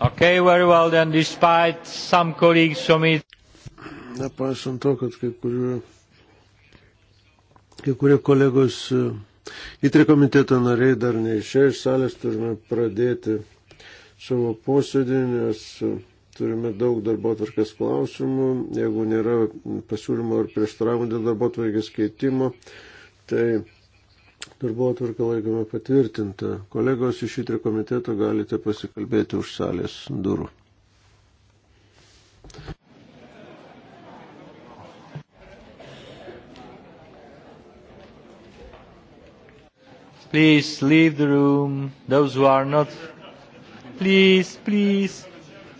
Okay, very well then, despite some colleagues from it. Nepaisant to, kad kai kurie, kai kurie kolegos e, įtri komiteto nariai dar neišėjo iš salės, turime pradėti savo posėdį, nes e, turime daug darbo tvarkės klausimų. Jeigu nėra pasiūlymo ar prieštaravimų dėl darbo tvarkės keitimo, tai Darbo atvarką laikome patvirtintą. Kolegos iš šitrio komiteto galite pasikalbėti už salės durų. Please leave the room. Those who are not. Please, please.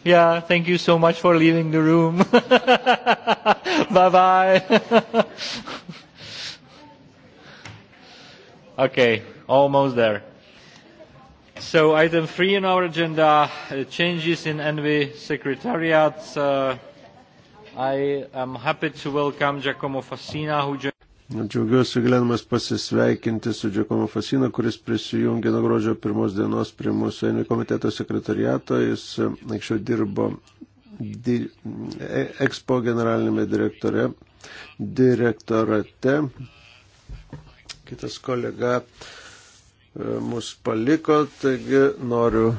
Yeah, thank you so much for leaving the room. bye bye. Okay, almost there. So item three on our agenda, uh, changes in NV Secretariat. Uh, I am happy to welcome Giacomo Fassina, who joined. Nu, džiaugiuosi galėdamas pasisveikinti su Džiakomu Fasina, kuris prisijungė nuo gruodžio pirmos dienos prie mūsų ENI komiteto sekretariato. Jis uh, anksčiau dirbo di, e, Expo generalinėme direktore, direktorate kitas kolega e, mus paliko, taigi noriu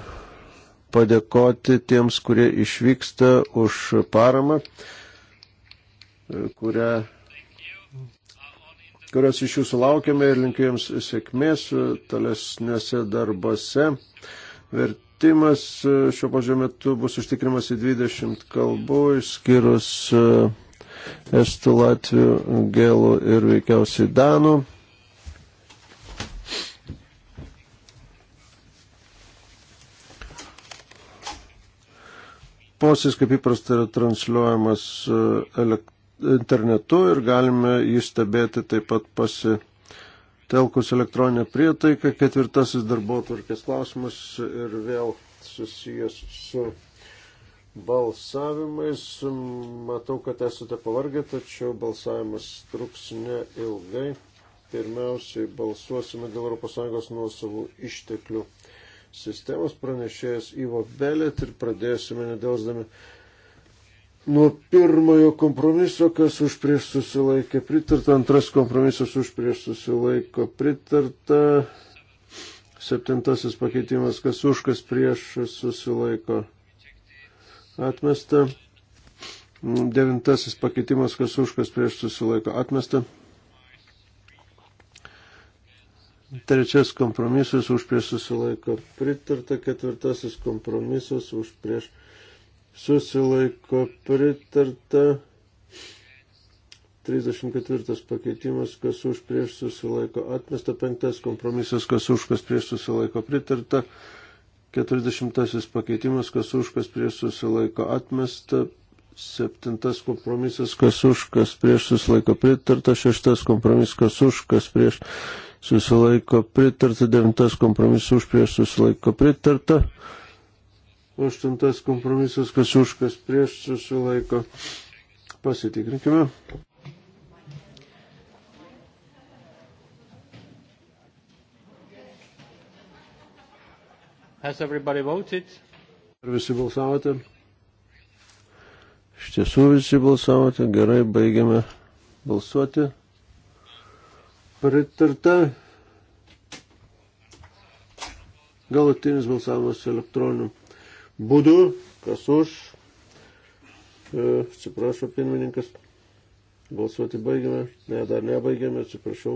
padėkoti tiems, kurie išvyksta už paramą, e, kurią, kurios iš jūsų laukiame ir linkiu jums sėkmės tolesnėse darbose. Vertimas e, šiuo pažiūrėju metu bus užtikrimas į 20 kalbų, išskyrus estų, latvių, gėlų ir veikiausiai danų. posės, kaip įprasta, yra transliuojamas e, internetu ir galime jį stebėti taip pat pasitelkus elektroninę prietaiką. Ketvirtasis darbo tvarkės klausimas ir vėl susijęs su balsavimais. Matau, kad esate pavargę, tačiau balsavimas truks neilgai. Pirmiausiai balsuosime dėl ES nuosavų išteklių sistemos pranešėjas Ivo Belet ir pradėsime nedelsdami nuo pirmojo kompromiso, kas už prieš susilaikė pritarta, antras kompromisas už prieš susilaiko pritarta, septintasis pakeitimas, kas už, kas prieš susilaiko atmesta, devintasis pakeitimas, kas už, kas prieš susilaiko atmesta. Trečias kompromisas už prieš susilaiko pritarta, ketvirtasis kompromisas už prieš susilaiko pritarta. 34 pakeitimas, kas už prieš susilaiko atmesta, penktas kompromisas, kas už kas prieš susilaiko pritarta, 40 pakeitimas, kas už kas prieš susilaiko atmesta, septintas kompromisas, kas už kas prieš susilaiko pritarta, šeštas kompromisas, kas už kas prieš susilaiko pritarta susilaiko pritarta, devintas kompromisas už prieš susilaiko pritarta, aštuntas kompromisas kas už kas prieš susilaiko. Pasitikrinkime. Has everybody voted? Ar visi balsavote? Iš tiesų visi balsavote, gerai, baigiame balsuoti. Pritarta. Galutinis balsavimas elektroniniu būdu. Kas už? E, atsiprašau, pirmininkas. Balsuoti baigiame. Ne, dar nebaigiame, atsiprašau.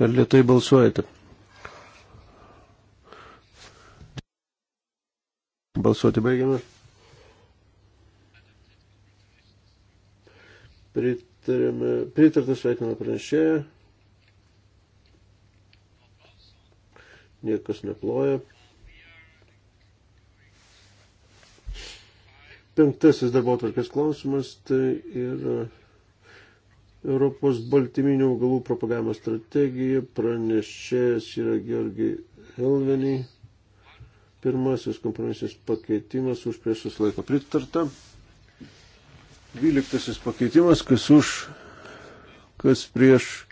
Per lietai balsuojate. Balsuoti baigiame. Pritartą sveikiname pranešėją. Niekas neploja. Penktasis darbo atvarkės klausimas tai yra Europos baltyminių augalų propagavimo strategija. Pranešėjas yra Georgi Helveni. Pirmasis kompromisinis pakeitimas už priešus laiko pritarta. Dvyliktasis pakeitimas, kas už, kas prieš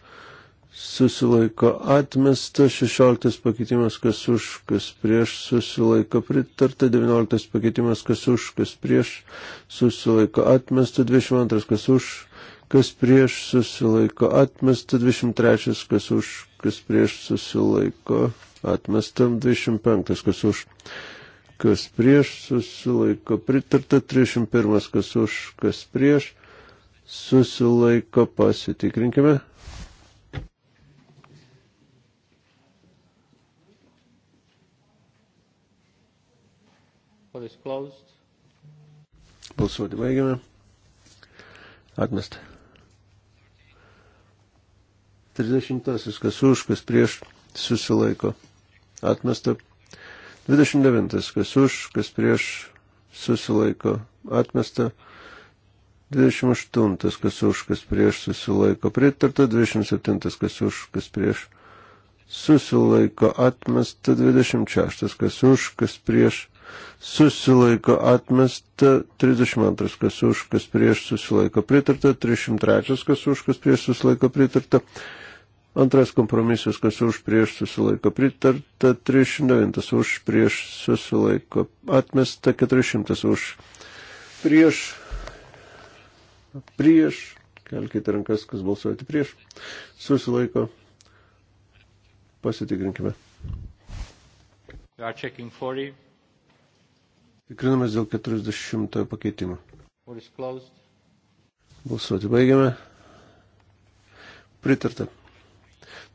susilaiko atmesta, 16 pakeitimas kas už, kas prieš susilaiko pritarta, 19 pakeitimas kas už, kas prieš susilaiko atmesta, 22 kas už, kas prieš susilaiko atmesta, 23 kas už, kas prieš susilaiko atmesta, 25 kas už kas prieš, susilaiko pritarta, 31 kas už, kas prieš, susilaiko pasitikrinkime. Balsuoti baigiame. Atmesta. 30 kas už, kas prieš, susilaiko. Atmesta. 29. Kas už, kas prieš susilaiko atmesta. 28. Kas už, kas prieš susilaiko pritarta. 27. Kas už, kas prieš susilaiko atmesta. 26. Kas už, kas prieš susilaiko atmesta 32 kas už, kas prieš susilaiko pritarta, 303 kas už, kas prieš susilaiko pritarta, Antras kompromisas, kas už prieš susilaiko pritarta, 309 už prieš susilaiko atmesta, 400 už prieš, prieš, kelkite rankas, kas balsuojate prieš, susilaiko, pasitikrinkime. Tikrinamės dėl 40 pakeitimo. Balsuoti baigiame. Pritarta.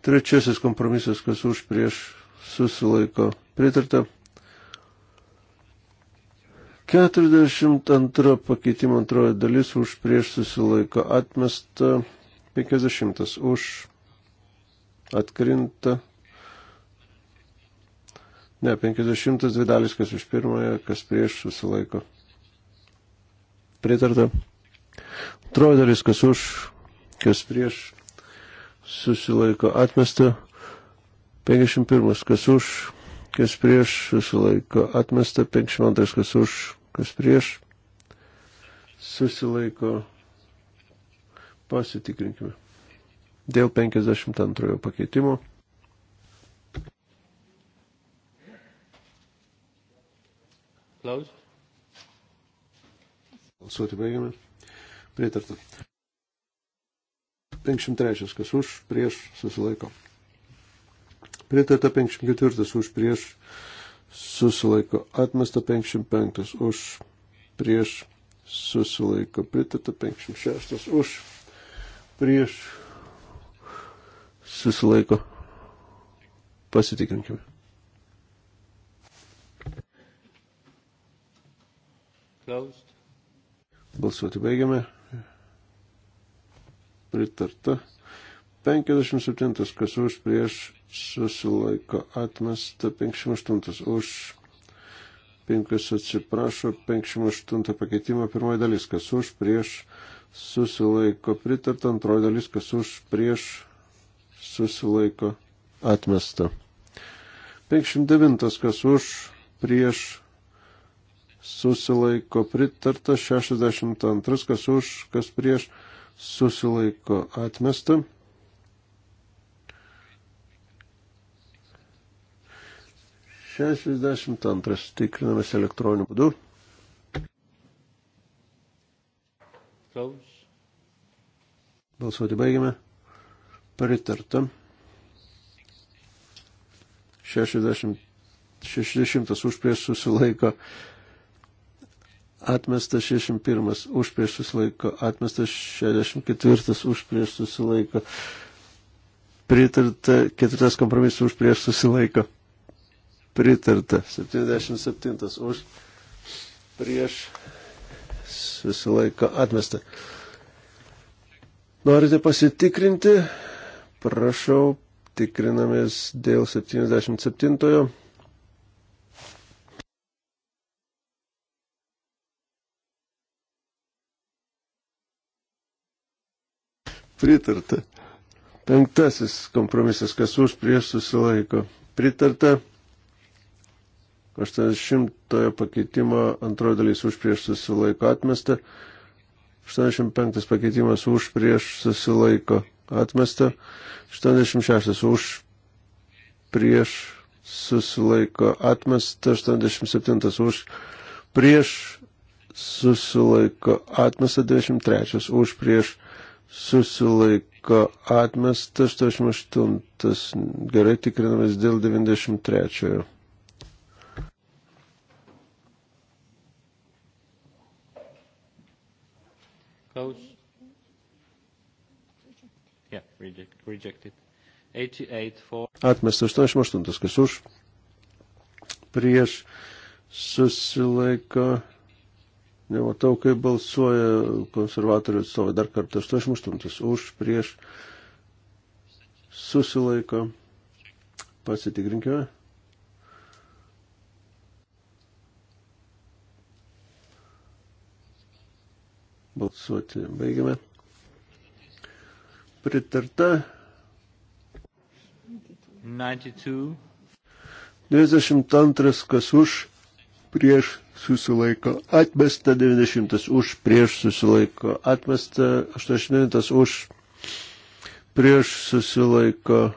Trečiasis kompromisas, kas už prieš susilaiko pritarta. 42 pakeitimo antroji dalis už prieš susilaiko atmesta. 50 už atkrinta. Ne, 50 dvi dalis, kas už pirmąją, kas prieš susilaiko. Pritarta. Antroji dalis, kas už, kas prieš susilaiko atmesta. 51. Kas už, kas prieš, susilaiko atmesta. 52. Kas už, kas prieš, susilaiko. Pasitikrinkime. Dėl 52 pakeitimo. Close. Balsuoti baigiame. Pritarta. 53. Kas už, prieš, susilaiko. Pritarta 54. Už, prieš, susilaiko. Atmesta 55. Už, prieš, susilaiko. Pritarta 56. Už, prieš, susilaiko. Pasitikrinkime. Closed. Balsuoti baigiame pritarta. 57. Kas už prieš susilaiko atmesta. 58. Už 5 atsiprašo. 58 pakeitimo pirmoji dalis. Kas už prieš susilaiko pritarta. Antroji dalis. Kas už prieš susilaiko atmesta. 59. Kas už prieš susilaiko pritarta. 62. Kas už kas prieš susilaiko atmesta. Šešdesimt antras tikrinamas elektroniniu būdu. Close. Balsuoti baigiame. Pritarta. 60, 60 už prieš susilaiko atmestas 61 už prieš susilaiko, atmestas 64 už prieš susilaiko, pritarta 4 kompromisas už prieš susilaiko, pritarta 77 už prieš susilaiko atmestą. Norite pasitikrinti? Prašau, tikrinamės dėl 77. -ojo. pritarta. Penktasis kompromisas, kas už prieš susilaiko. Pritarta. 80 pakeitimo antroji dalis už prieš susilaiko atmesta. 85 pakeitimas už prieš susilaiko atmesta. 86 už prieš susilaiko atmesta. 87 už prieš susilaiko atmesta. 93 už prieš susilaiko atmesta susilaiko atmestas 88. Gerai tikrinamas dėl 93. Close. Yeah, reject, rejected. 88 for. Atmestas 88. Kas už? Prieš susilaiko atmestas Nematau, kaip balsuoja konservatorių atstovai. Dar kartą 88 už, prieš, susilaiko. Pasitikrinkime. Balsuoti baigiame. Pritarta. 92. 92 kas už, prieš susilaiko atmesta 90 už, prieš susilaiko atmesta 89 už, prieš susilaiko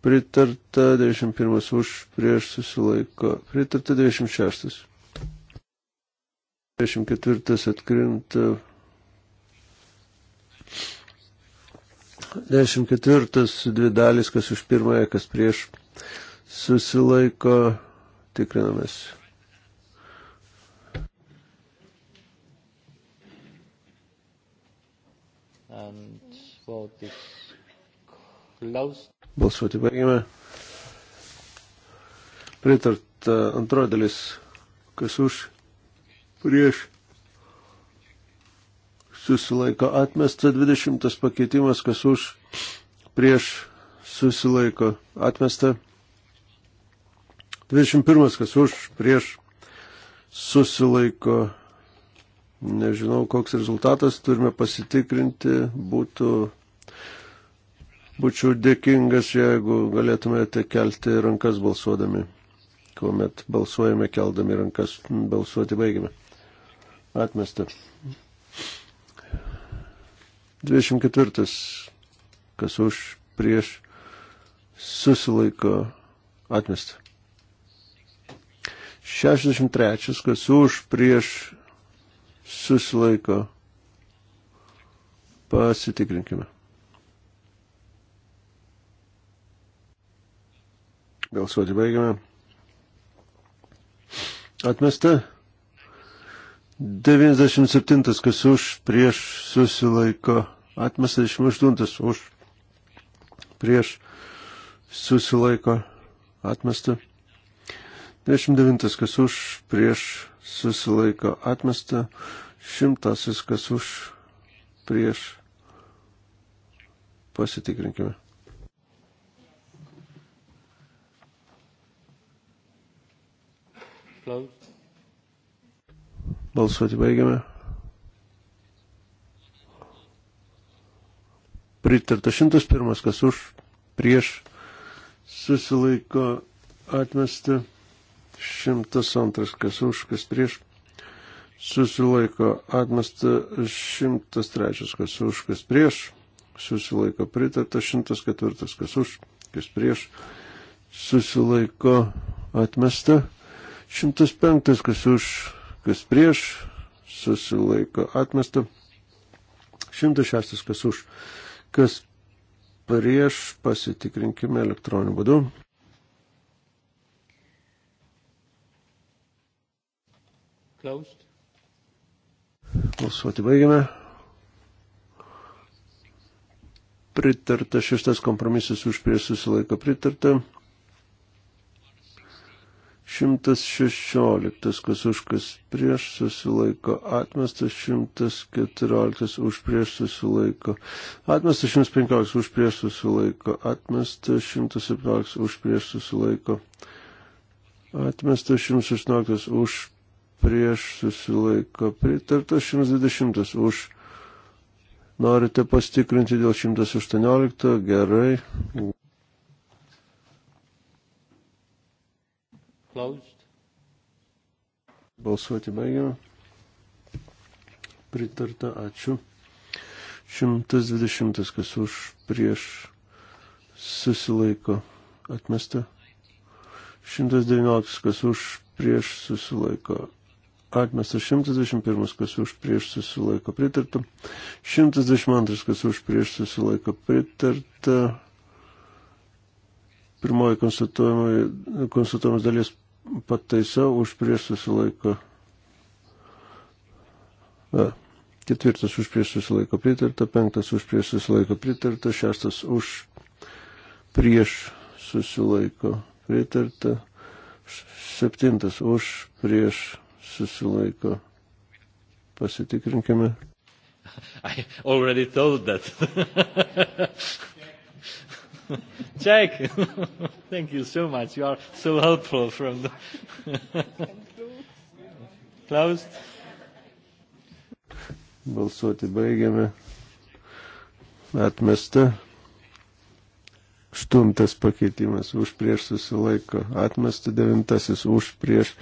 pritarta 91 už, prieš susilaiko pritarta 96. 24 atkrinta. 94 dvi dalys, kas už pirmąją, kas prieš susilaiko, tikrinamės. Balsuoti baigėme. Pritarta antroji dalis, kas už, prieš, susilaiko atmesta, 20 pakeitimas, kas už, prieš, susilaiko atmesta, 21 kas už, prieš, susilaiko atmesta Nežinau, koks rezultatas turime pasitikrinti. Būtų, būčiau dėkingas, jeigu galėtumėte kelti rankas balsuodami, kuomet balsuojame keldami rankas, balsuoti baigiame. Atmesta. 24. Kas už prieš susilaiko atmesta. 63. Kas už prieš susilaiko. Pasitikrinkime. Balsuoti baigiame. Atmesta. 97, kas už, prieš susilaiko. Atmesta 28, už, prieš susilaiko. Atmesta. 29, kas už, prieš susilaiko atmesta, šimtasis kas už, prieš, pasitikrinkime. Balsuoti baigiame. Pritarta 101, kas už, prieš, susilaiko atmesta. 102, kas už, kas prieš, susilaiko atmesta 103, kas už, kas prieš, susilaiko pritarta 104, kas už, kas prieš, susilaiko atmesta 105, kas už, kas prieš, susilaiko atmesta 106, kas už, kas prieš, pasitikrinkime elektroniniu būdu. Closed. Balsuoti baigiame. Pritarta šeštas kompromisas už prie susilaiko pritarta. 116, kas už kas prieš susilaiko atmestas, 114 už prieš susilaiko atmestas, 115 už prieš susilaiko atmestas, 117 už prieš susilaiko atmestas, 116 už prieš susilaiko pritarta, 120 už. Norite pastikrinti dėl 118, gerai. Closed. Balsuoti baigiame. Pritarta, ačiū. 120, kas už prieš susilaiko atmesta. 119, kas už prieš susilaiko atmestas 121, kas už prieš susilaiko pritarta, 122, kas už prieš susilaiko pritarta, pirmoji konstatuojamas dalies pataisa už prieš susilaiko. A, ketvirtas už prieš susilaiko pritarta, penktas už prieš susilaiko pritarta, šeštas už prieš susilaiko pritarta, septintas už prieš susilaiko. Pasitikrinkime. I already told that. Check. Thank you so much. You are so helpful from the Closed. Balsuoti baigiame. Atmesta. Aštuntas pakeitimas už prieš susilaiko atmesta, devintasis už prieš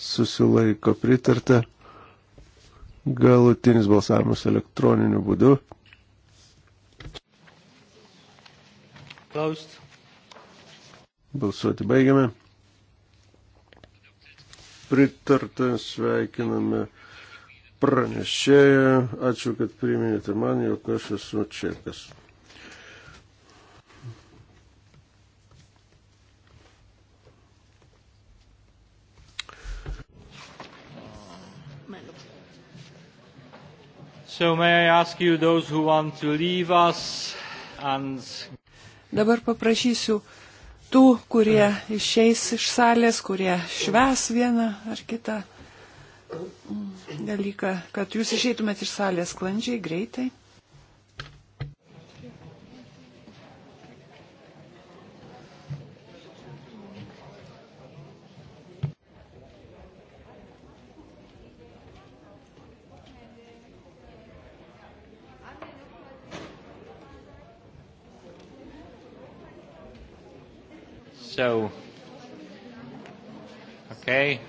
susilaiko pritarta. Galutinis balsavimas elektroniniu būdu. Closed. Balsuoti baigiame. Pritarta, sveikiname pranešėją. Ačiū, kad priminėte man, jog aš esu čekas. So may I ask you, those who want to leave us and... Dabar paprašysiu tų, kurie išeis iš salės, kurie šves vieną ar kitą mm, dalyką, kad jūs išeitumėt iš salės sklandžiai, greitai. So, okay,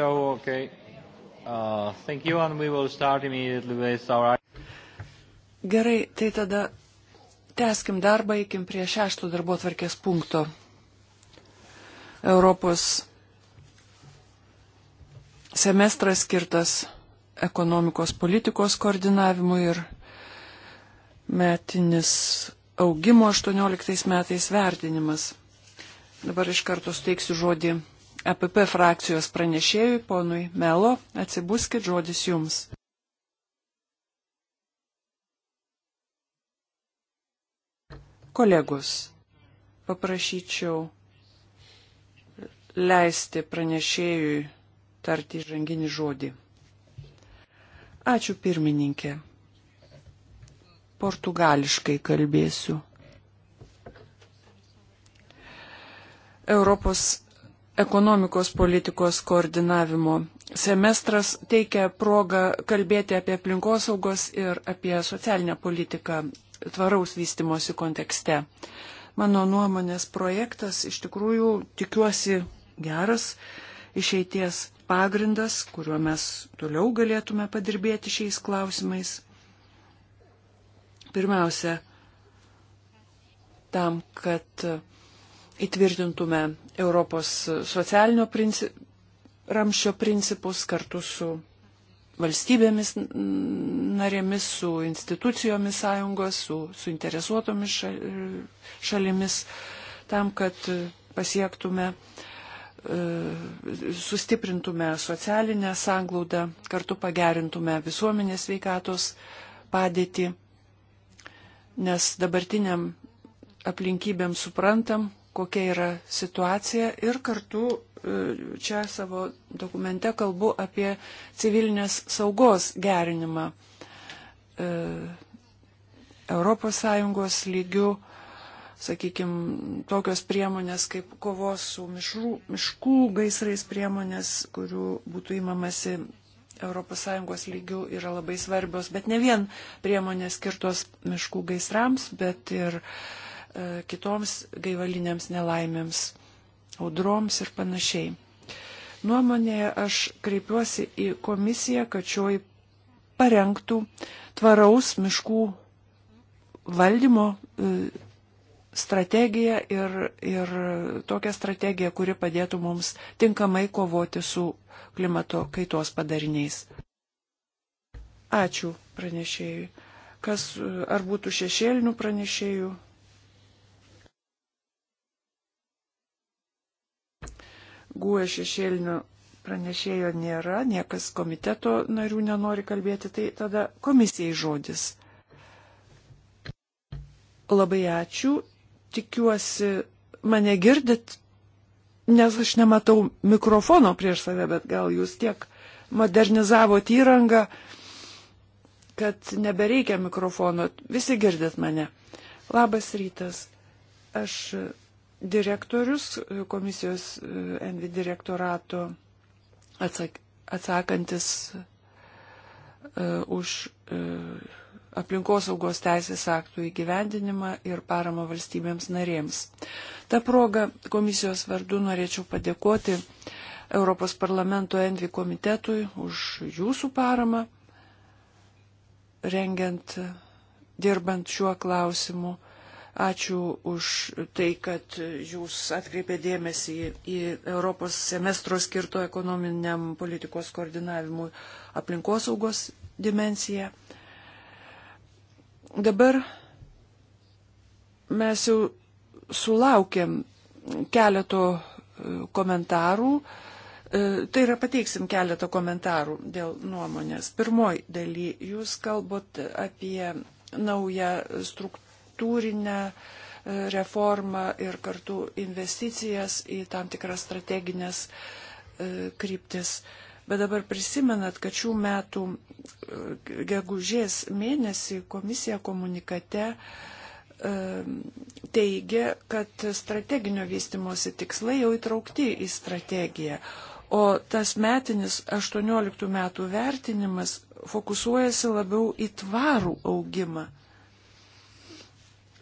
So, okay. Uh, thank you, and we will start immediately with our. Gerai, tai tada tęskim darbą, eikim prie šešto darbo tvarkės punkto. Europos semestras skirtas ekonomikos politikos koordinavimui ir metinis augimo 18 metais vertinimas. Dabar iš karto steiksiu žodį APP e frakcijos pranešėjui, ponui Melo, atsibuskit žodis jums. Kolegos, paprašyčiau leisti pranešėjui tarti žanginį žodį. Ačiū pirmininkė. Portugališkai kalbėsiu. Europos ekonomikos politikos koordinavimo. Semestras teikia progą kalbėti apie aplinkosaugos ir apie socialinę politiką tvaraus vystimosi kontekste. Mano nuomonės projektas iš tikrųjų tikiuosi geras išeities pagrindas, kuriuo mes toliau galėtume padirbėti šiais klausimais. Pirmiausia, tam, kad įtvirtintume Europos socialinio princip, ramščio principus kartu su valstybėmis narėmis, su institucijomis sąjungos, su suinteresuotomis šalimis, tam, kad pasiektume, e, sustiprintume socialinę sanglaudą, kartu pagerintume visuomenės veikatos padėtį, nes dabartiniam aplinkybėm suprantam, kokia yra situacija ir kartu e, čia savo dokumente kalbu apie civilinės saugos gerinimą ES lygių, sakykime, tokios priemonės kaip kovos su mišrų, miškų gaisrais priemonės, kurių būtų įmamasi ES lygių yra labai svarbios, bet ne vien priemonės skirtos miškų gaisrams, bet ir uh, E, kitoms gaivaliniams nelaimėms, audroms ir panašiai. Nuomonėje aš kreipiuosi į komisiją, kad šioji parengtų tvaraus miškų valdymo e, strategiją ir, ir tokią strategiją, kuri padėtų mums tinkamai kovoti su klimato kaitos padariniais. Ačiū pranešėjui. Kas, ar būtų šešėlinių pranešėjų? guoja šešėlinių pranešėjo nėra, niekas komiteto narių nenori kalbėti, tai tada komisijai žodis. Labai ačiū, tikiuosi, mane girdit, nes aš nematau mikrofono prieš save, bet gal jūs tiek modernizavot įrangą, kad nebereikia mikrofono, visi girdit mane. Labas rytas, aš direktorius, komisijos Envi direktorato atsak, atsakantis uh, už uh, aplinkosaugos teisės aktų įgyvendinimą ir paramą valstybėms narėms. Ta proga komisijos vardu norėčiau padėkoti Europos parlamento Envi komitetui už jūsų paramą, rengiant, dirbant šiuo klausimu Ačiū už tai, kad jūs atkreipė dėmesį į Europos semestro skirto ekonominiam politikos koordinavimui aplinkosaugos dimenciją. Dabar mes jau sulaukėm keleto e, komentarų. E, tai yra pateiksim keletą komentarų dėl nuomonės. Pirmoji daly, jūs kalbot apie naują struktūrą struktūrinę e, reformą ir kartu investicijas į tam tikras strateginės e, kryptis. Bet dabar prisimenat, kad šių metų e, gegužės mėnesį komisija komunikate teigia, kad strateginio vystimosi tikslai jau įtraukti į strategiją, o tas metinis 18 metų vertinimas fokusuojasi labiau į tvarų augimą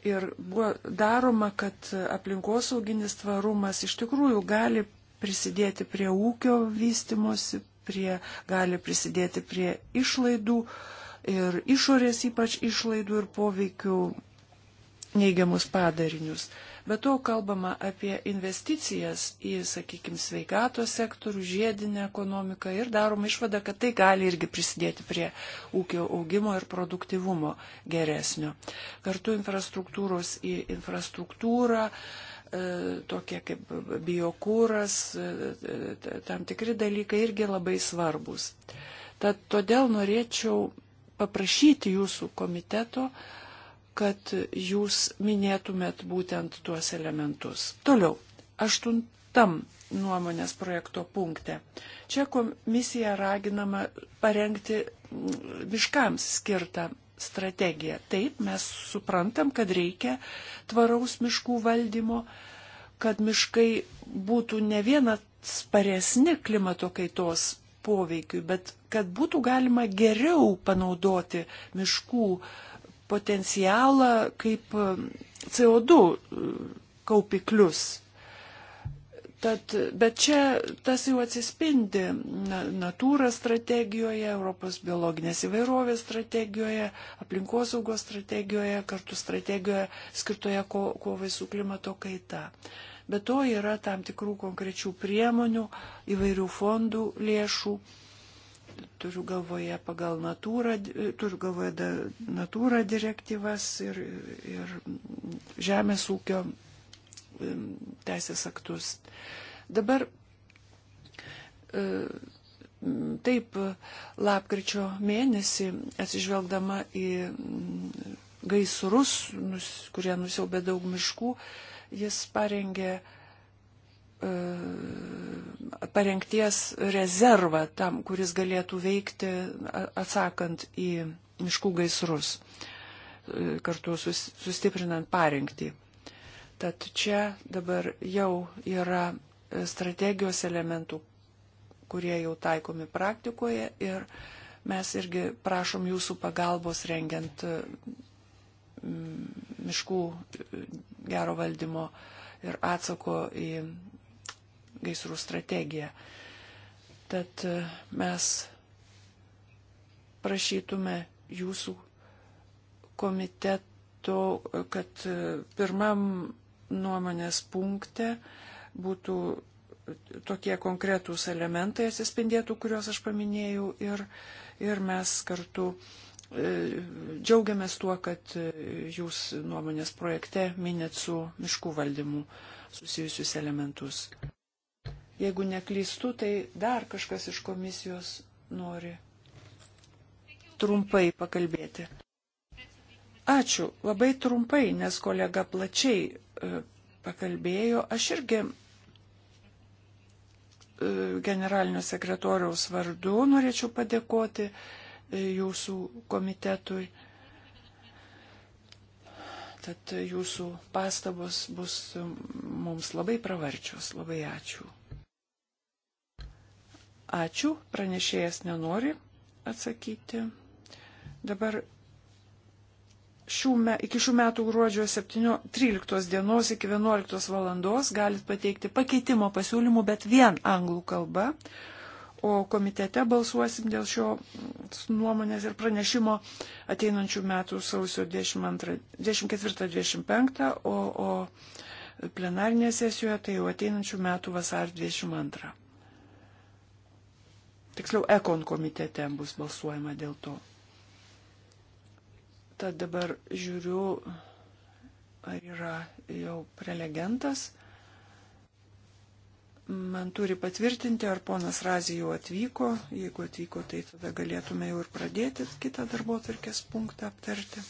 ir buvo daroma, kad aplinkosauginis tvarumas iš tikrųjų gali prisidėti prie ūkio vystimosi, prie, gali prisidėti prie išlaidų ir išorės ypač išlaidų ir poveikių neigiamus padarinius. Bet to kalbama apie investicijas į, sakykime, sveikatos sektorių, žiedinę ekonomiką ir daroma išvada, kad tai gali irgi prisidėti prie ūkio augimo ir produktivumo geresnio. Kartu infrastruktūros į infrastruktūrą e, tokie kaip biokūras, e, e, tam tikri dalykai irgi labai svarbus. Tad todėl norėčiau paprašyti jūsų komiteto kad jūs minėtumėt būtent tuos elementus. Toliau, aštuntam nuomonės projekto punkte. Čia komisija raginama parengti mm, miškams skirtą strategiją. Taip, mes suprantam, kad reikia tvaraus miškų valdymo, kad miškai būtų ne viena sparesni klimato kaitos poveikiui, bet kad būtų galima geriau panaudoti miškų uh, potencialą kaip um, CO2 uh, kaupiklius. Tad, bet čia tas jau atsispindi natūros strategijoje, Europos biologinės įvairovės strategijoje, aplinkosaugos strategijoje, kartu strategijoje skirtoje ko, kovai su klimato kaita. Be to yra tam tikrų konkrečių priemonių, įvairių fondų lėšų, uh, turiu galvoje pagal natūrą, turiu galvoje da, natūrą direktyvas ir, ir žemės ūkio teisės aktus. Dabar e, taip lapkričio mėnesį atsižvelgdama į gaisrus, kurie nusiaubė daug miškų, jis parengė uh, E, parengties rezervą tam, kuris galėtų veikti atsakant į miškų gaisrus, e, kartu sustiprinant parengtį. Tad čia dabar jau yra e, strategijos elementų, kurie jau taikomi praktikoje ir mes irgi prašom jūsų pagalbos rengiant miškų gero valdymo ir atsako į gaisrų strategiją. Tad e, mes prašytume jūsų komiteto, kad e, pirmam nuomonės punkte būtų tokie konkretūs elementai atsispindėtų, kuriuos aš paminėjau ir, ir mes kartu e, džiaugiamės tuo, kad jūs nuomonės projekte minėt su miškų valdymu susijusius elementus. Jeigu neklystu, tai dar kažkas iš komisijos nori trumpai pakalbėti. Ačiū, labai trumpai, nes kolega plačiai e, pakalbėjo. Aš irgi e, generalinio sekretoriaus vardu norėčiau padėkoti e, jūsų komitetui. Tad jūsų pastabos bus mums labai pravarčios. Labai ačiū. Ačiū, pranešėjas nenori atsakyti. Dabar šių me, iki šių metų gruodžio 7, 13 dienos iki 11 valandos galit pateikti pakeitimo pasiūlymų, bet vien anglų kalba. O komitete balsuosim dėl šio nuomonės ir pranešimo ateinančių metų sausio 24-25, o, o plenarinėje sesijoje tai jau ateinančių metų vasar 22 tiksliau ekon komitete bus balsuojama dėl to. Tad dabar žiūriu, ar yra jau prelegentas. Man turi patvirtinti, ar ponas Razija jau atvyko. Jeigu atvyko, tai tada galėtume jau ir pradėti kitą darbo tarkės punktą aptarti.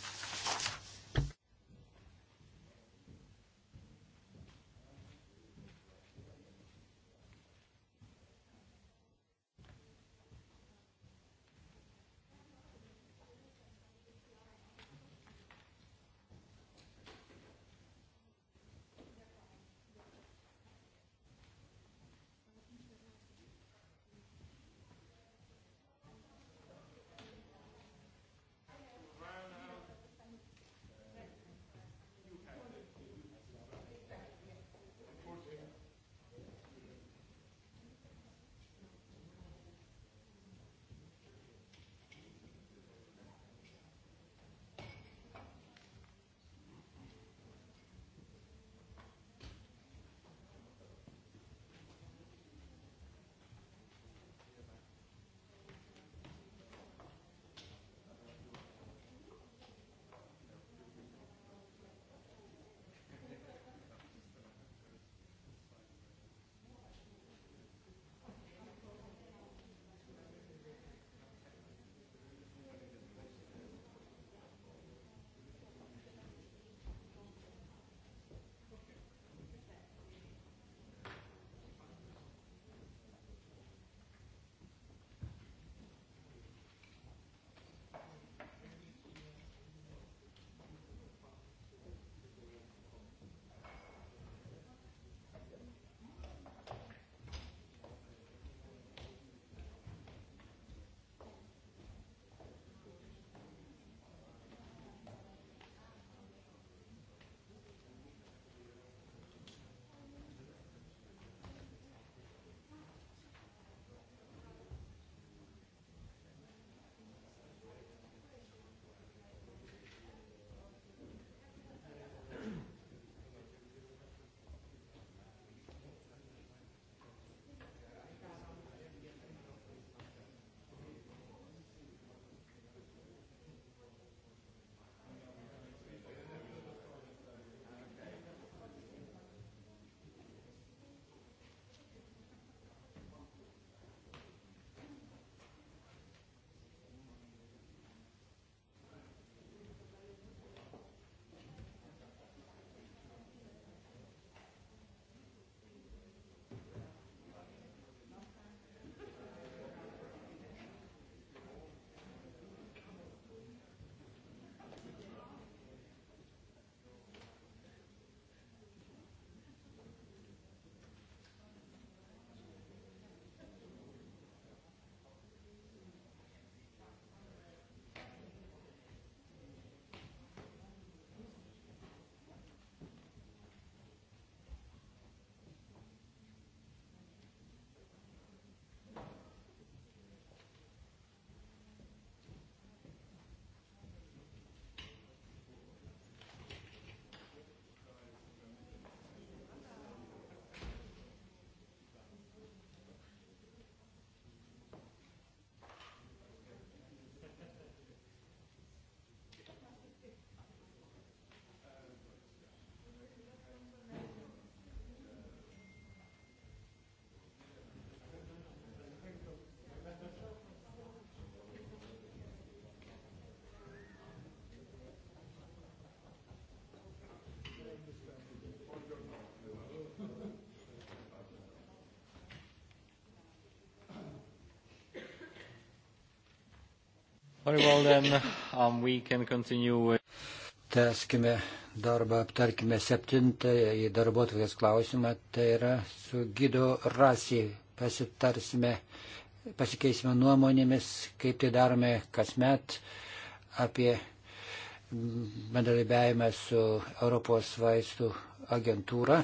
Very well then, um, we can continue with... Teskime darbą, aptarkime septintąją į darbo atvarkės klausimą, tai yra su Gido Rasi pasitarsime, pasikeisime nuomonėmis, kaip tai darome kasmet apie bendradarbiavimą su Europos vaistų agentūra.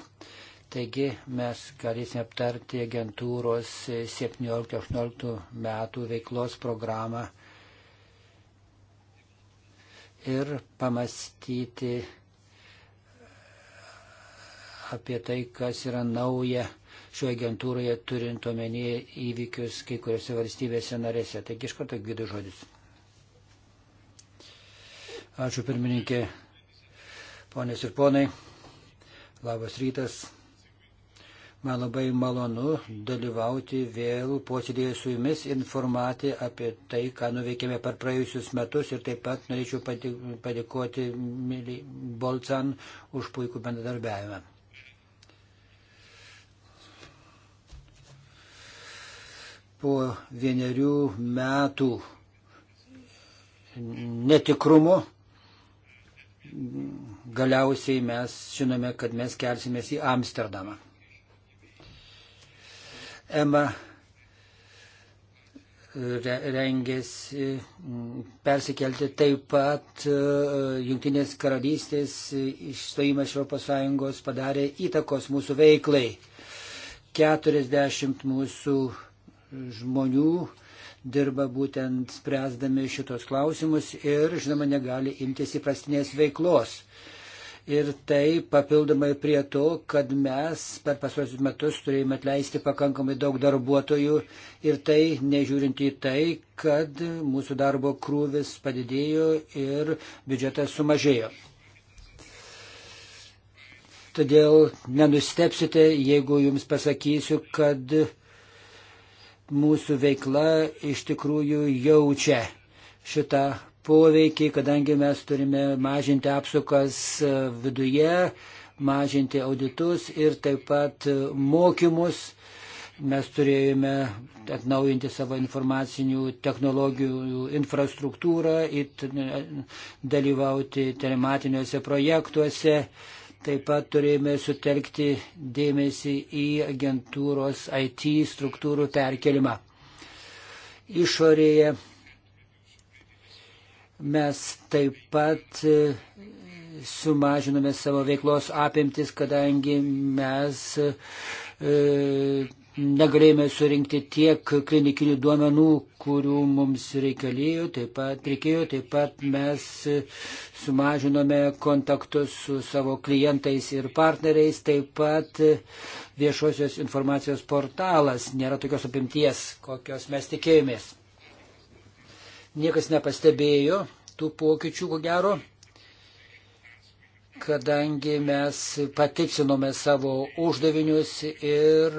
Taigi mes galėsime aptarti agentūros 17-18 metų veiklos programą ir pamastyti apie tai, kas yra nauja šioje agentūroje turint omenyje įvykius kai kuriuose valstybėse narėse. Taigi iš karto gidų žodis. Ačiū pirmininkė, ponės ir ponai. Labas rytas. Man labai malonu dalyvauti vėl posėdėje su jumis, informati apie tai, ką nuveikėme per praėjusius metus ir taip pat norėčiau padėkoti Mili Bolcan už puikų bendradarbiavimą. Po vienerių metų netikrumo galiausiai mes žinome, kad mes kelsimės į Amsterdamą. EMA rengėsi persikelti taip pat e, Junktinės karalystės išstojimas Europos Sąjungos padarė įtakos mūsų veiklai. 40 mūsų žmonių dirba būtent spręsdami šitos klausimus ir, žinoma, negali imtis įprastinės veiklos ir tai papildomai prie to, kad mes per pasuosius metus turėjome atleisti pakankamai daug darbuotojų ir tai nežiūrint į tai, kad mūsų darbo krūvis padidėjo ir biudžetas sumažėjo. Todėl nenustepsite, jeigu jums pasakysiu, kad mūsų veikla iš tikrųjų jaučia šitą poveikiai, kadangi mes turime mažinti apsukas e, viduje, mažinti auditus ir taip pat e, mokymus. Mes turėjome atnaujinti savo informacinių technologijų infrastruktūrą, e, dalyvauti telematiniuose projektuose. Taip pat turėjome sutelkti dėmesį į agentūros IT struktūrų perkelimą. Išorėje Mes taip pat e, sumažinome savo veiklos apimtis, kadangi mes e, negalėjome surinkti tiek klinikinių duomenų, kurių mums reikėjo, taip pat, reikėjo, taip pat mes e, sumažinome kontaktus su savo klientais ir partneriais, taip pat viešosios informacijos portalas nėra tokios apimties, kokios mes tikėjomės. Niekas nepastebėjo tų pokyčių, ko gero, kadangi mes patikslinome savo uždavinius ir,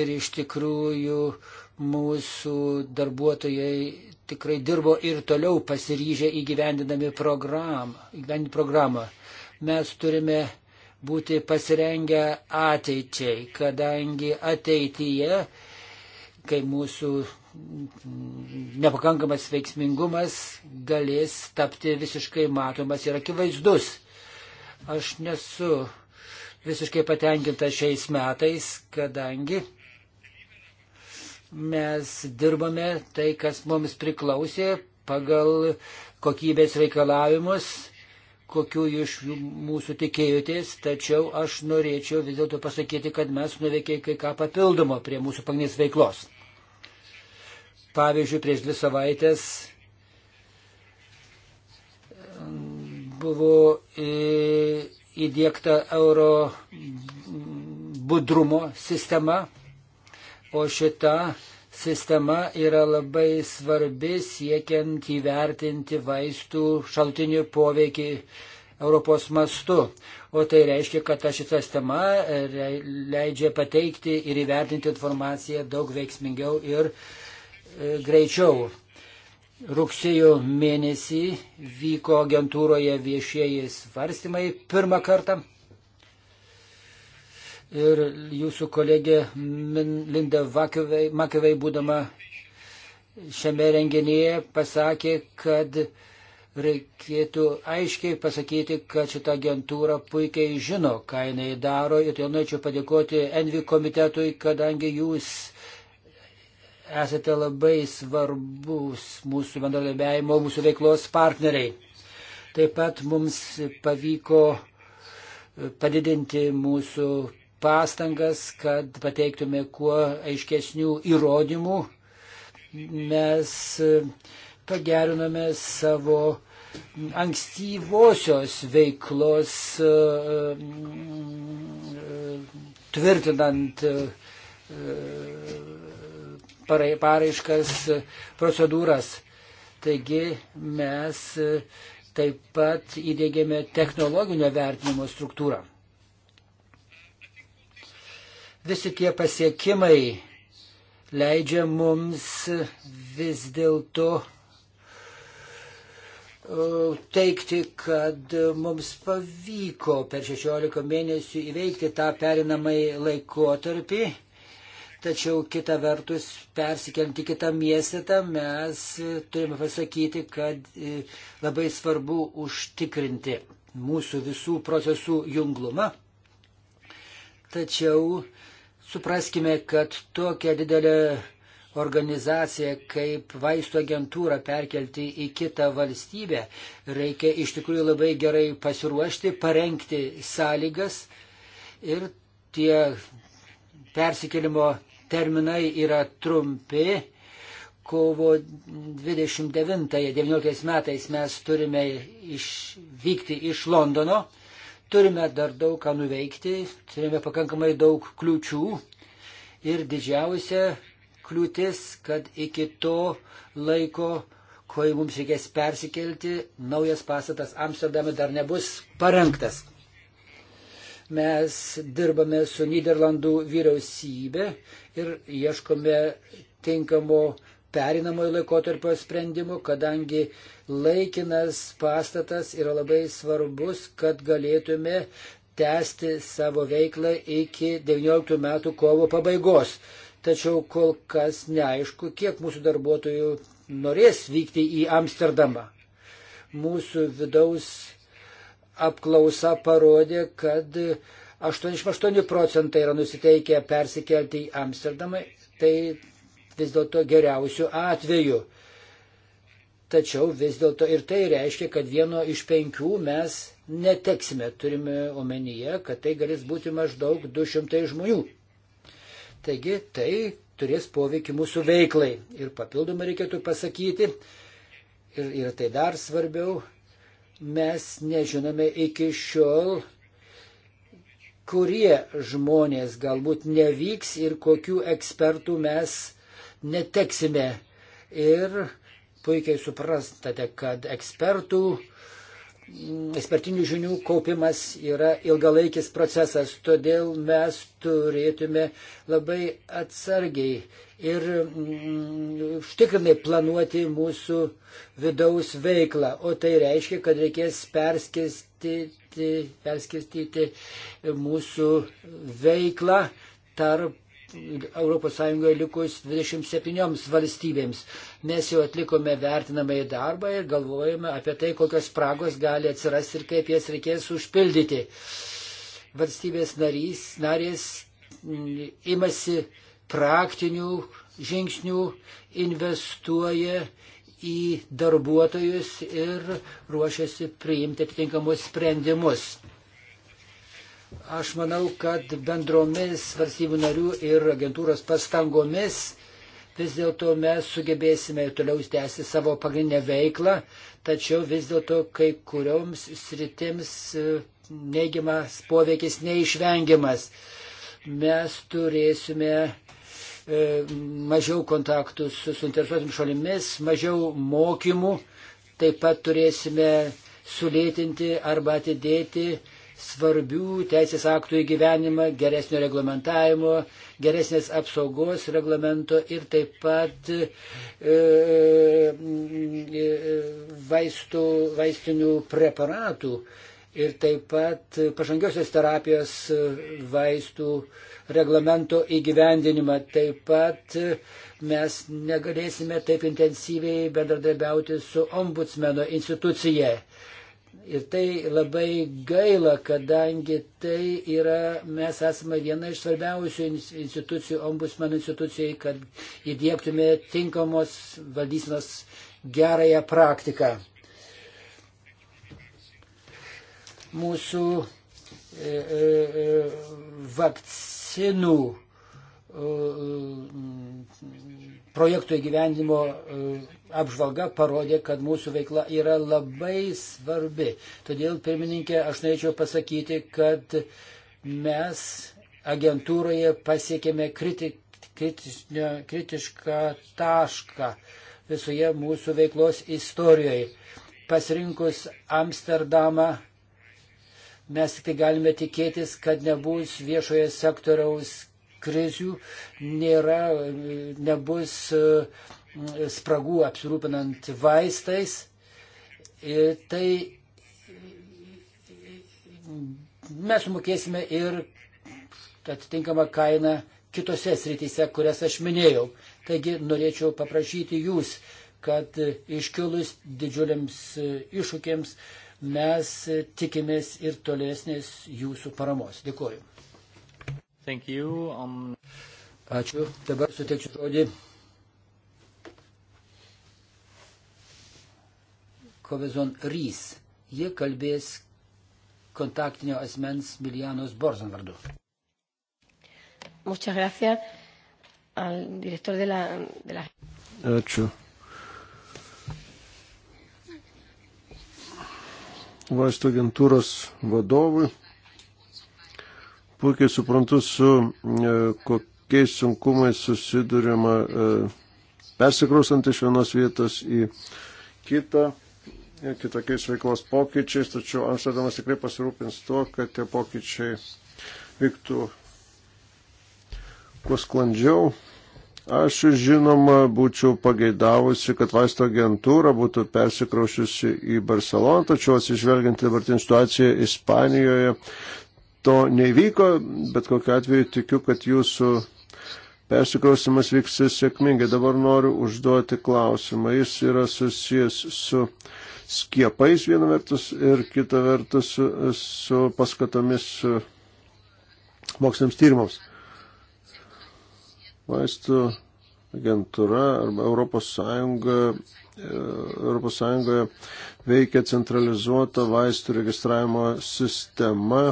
ir iš tikrųjų mūsų darbuotojai tikrai dirbo ir toliau pasiryžę įgyvendinami programą. Įgyvendinti programą. Mes turime būti pasirengę ateičiai, kadangi ateityje, kai mūsų nepakankamas veiksmingumas galės tapti visiškai matomas ir akivaizdus. Aš nesu visiškai patenkinta šiais metais, kadangi mes dirbame tai, kas mums priklausė pagal kokybės reikalavimus, kokių iš mūsų tikėjotės, tačiau aš norėčiau vis dėlto pasakyti, kad mes nuveikėme kai ką papildomo prie mūsų pagrindinės veiklos. Pavyzdžiui, prieš dvi savaitės buvo įdėkta euro budrumo sistema, o šita sistema yra labai svarbi siekiant įvertinti vaistų šaltinių poveikį Europos mastu. O tai reiškia, kad ta šita sistema leidžia pateikti ir įvertinti informaciją daug veiksmingiau ir greičiau. Rugsėjo mėnesį vyko agentūroje viešieji svarstymai pirmą kartą. Ir jūsų kolegė Linda Makavei, būdama šiame renginyje, pasakė, kad reikėtų aiškiai pasakyti, kad šita agentūra puikiai žino, ką jinai daro ir tai norėčiau padėkoti Envi komitetui, kadangi jūs esate labai svarbus mūsų bendradarbiajimo, mūsų veiklos partneriai. Taip pat mums pavyko e, padidinti mūsų pastangas, kad pateiktume kuo aiškesnių įrodymų. Mes e, pagerinome savo ankstyvosios veiklos e, tvirtinant paraiškas procedūras. Taigi mes e, taip pat įdėgėme technologinio vertinimo struktūrą. Visi tie pasiekimai leidžia mums vis dėlto e, teikti, kad mums pavyko per 16 mėnesių įveikti tą perinamąjį laikotarpį Tačiau kita vertus, persikelti kitą miestą, mes turime pasakyti, kad e, labai svarbu užtikrinti mūsų visų procesų junglumą. Tačiau supraskime, kad tokia didelė organizaciją kaip vaistų agentūrą perkelti į kitą valstybę, reikia iš tikrųjų labai gerai pasiruošti, parengti sąlygas ir tie persikėlimo terminai yra trumpi. Kovo 29-19 metais mes turime išvykti iš Londono. Turime dar daug ką nuveikti, turime pakankamai daug kliučių. Ir didžiausia kliūtis, kad iki to laiko, kai mums reikės persikelti, naujas pastatas Amsterdame dar nebus parengtas. Mes dirbame su Niderlandų vyriausybė ir ieškome tinkamo perinamojo laikotarpio sprendimų, kadangi laikinas pastatas yra labai svarbus, kad galėtume tęsti savo veiklą iki 19 metų kovo pabaigos. Tačiau kol kas neaišku, kiek mūsų darbuotojų norės vykti į Amsterdamą. Mūsų vidaus apklausa parodė, kad 88 procentai yra nusiteikę persikelti į Amsterdamą, tai vis dėlto geriausių atvejų. Tačiau vis dėlto ir tai reiškia, kad vieno iš penkių mes neteksime, turime omenyje, kad tai galės būti maždaug 200 žmonių. Taigi tai turės poveikį mūsų veiklai. Ir papildomai reikėtų pasakyti, ir, ir tai dar svarbiau, mes nežinome iki šiol, kurie žmonės galbūt nevyks ir kokių ekspertų mes neteksime. Ir puikiai suprastate, kad ekspertų ekspertinių žinių kaupimas yra ilgalaikis procesas, todėl mes turėtume labai atsargiai ir mm, užtikrinai planuoti mūsų vidaus veiklą. O tai reiškia, kad reikės perskirstyti, perskirstyti mūsų veiklą tarp ES likus 27 valstybėms. Mes jau atlikome vertinamąjį darbą ir galvojame apie tai, kokios spragos gali atsirasti ir kaip jas reikės užpildyti. Valstybės narys, narės mm, imasi praktinių žingsnių, investuoja į darbuotojus ir ruošiasi priimti atitinkamus sprendimus. Aš manau, kad bendromis valstybių narių ir agentūros pastangomis vis dėlto mes sugebėsime ir toliau tęsti savo pagrindinę veiklą, tačiau vis dėlto kai kurioms sritims e, neigiamas poveikis neišvengiamas. Mes turėsime e, mažiau kontaktų su suinteresuotim šalimis, mažiau mokymų, taip pat turėsime sulėtinti arba atidėti svarbių teisės aktų įgyvenimą, geresnio reglamentavimo, geresnės apsaugos reglamento ir taip pat e, e, e, vaistų, vaistinių preparatų ir taip pat pažangiosios terapijos vaistų reglamento įgyvendinimą. Taip pat mes negalėsime taip intensyviai bendradarbiauti su ombudsmeno institucija. Ir tai labai gaila, kadangi tai yra, mes esame viena iš svarbiausių institucijų, ombudsmenų institucijai, kad įdėktume tinkamos valdysinos gerąją praktiką. Mūsų e, e, e vakcinų e, projektų įgyvendimo e, apžvalga parodė, kad mūsų veikla yra labai svarbi. Todėl, pirmininkė, aš norėčiau pasakyti, kad mes agentūroje pasiekėme kriti, kritišnio, kritišką tašką visoje mūsų veiklos istorijoje. Pasirinkus Amsterdamą, mes tik tai galime tikėtis, kad nebus viešoje sektoriaus krizių, nėra, nebus uh, spragų apsirūpinant vaistais. Ir tai mes sumokėsime ir atitinkamą kainą kitose srityse, kurias aš minėjau. Taigi norėčiau paprašyti jūs, kad iškilus didžiuliams iššūkiams mes tikimės ir tolesnės jūsų paramos. Dėkuoju. Um... Ačiū. Dabar suteiksiu žodį Kovezon Rys. Ji kalbės kontaktinio asmens Milijanos Borzan vardu. Ačiū. Vaisto agentūros vadovui. Puikiai suprantu, su e, kokiais sunkumais susidurima e, persikrausant iš vienos vietos į kitą kitokiais veiklos pokyčiais, tačiau Amsterdamas tikrai pasirūpins tuo, kad tie pokyčiai vyktų kuo sklandžiau. Aš žinoma būčiau pageidavusi, kad vaisto agentūra būtų persikraušiusi į Barceloną, tačiau atsižvelgiant dabartinį situaciją Ispanijoje, to nevyko, bet kokiu atveju tikiu, kad jūsų persikrausimas vyks sėkmingai. Dabar noriu užduoti klausimą. Jis yra susijęs su skiepais viena vertus ir kita vertus su, e, su paskatomis e, moksliniams tyrimams. Vaistų agentūra arba Europos Sąjunga e, Europos Sąjungoje veikia centralizuota vaistų registravimo sistema.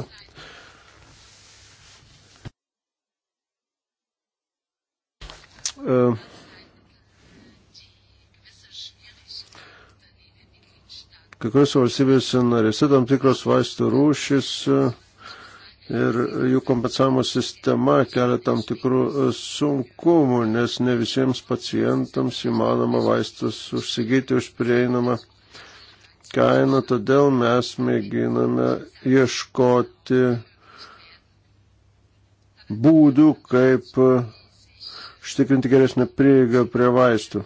Uh, kai kuriuose valstybėse narėse tam tikros vaistų rūšis e, ir jų kompensavimo sistema kelia tam tikrų e, sunkumų, nes ne visiems pacientams įmanoma vaistus užsigyti už prieinamą kainą, todėl mes mėginame ieškoti būdų, kaip e, užtikrinti geresnę prieigą prie vaistų.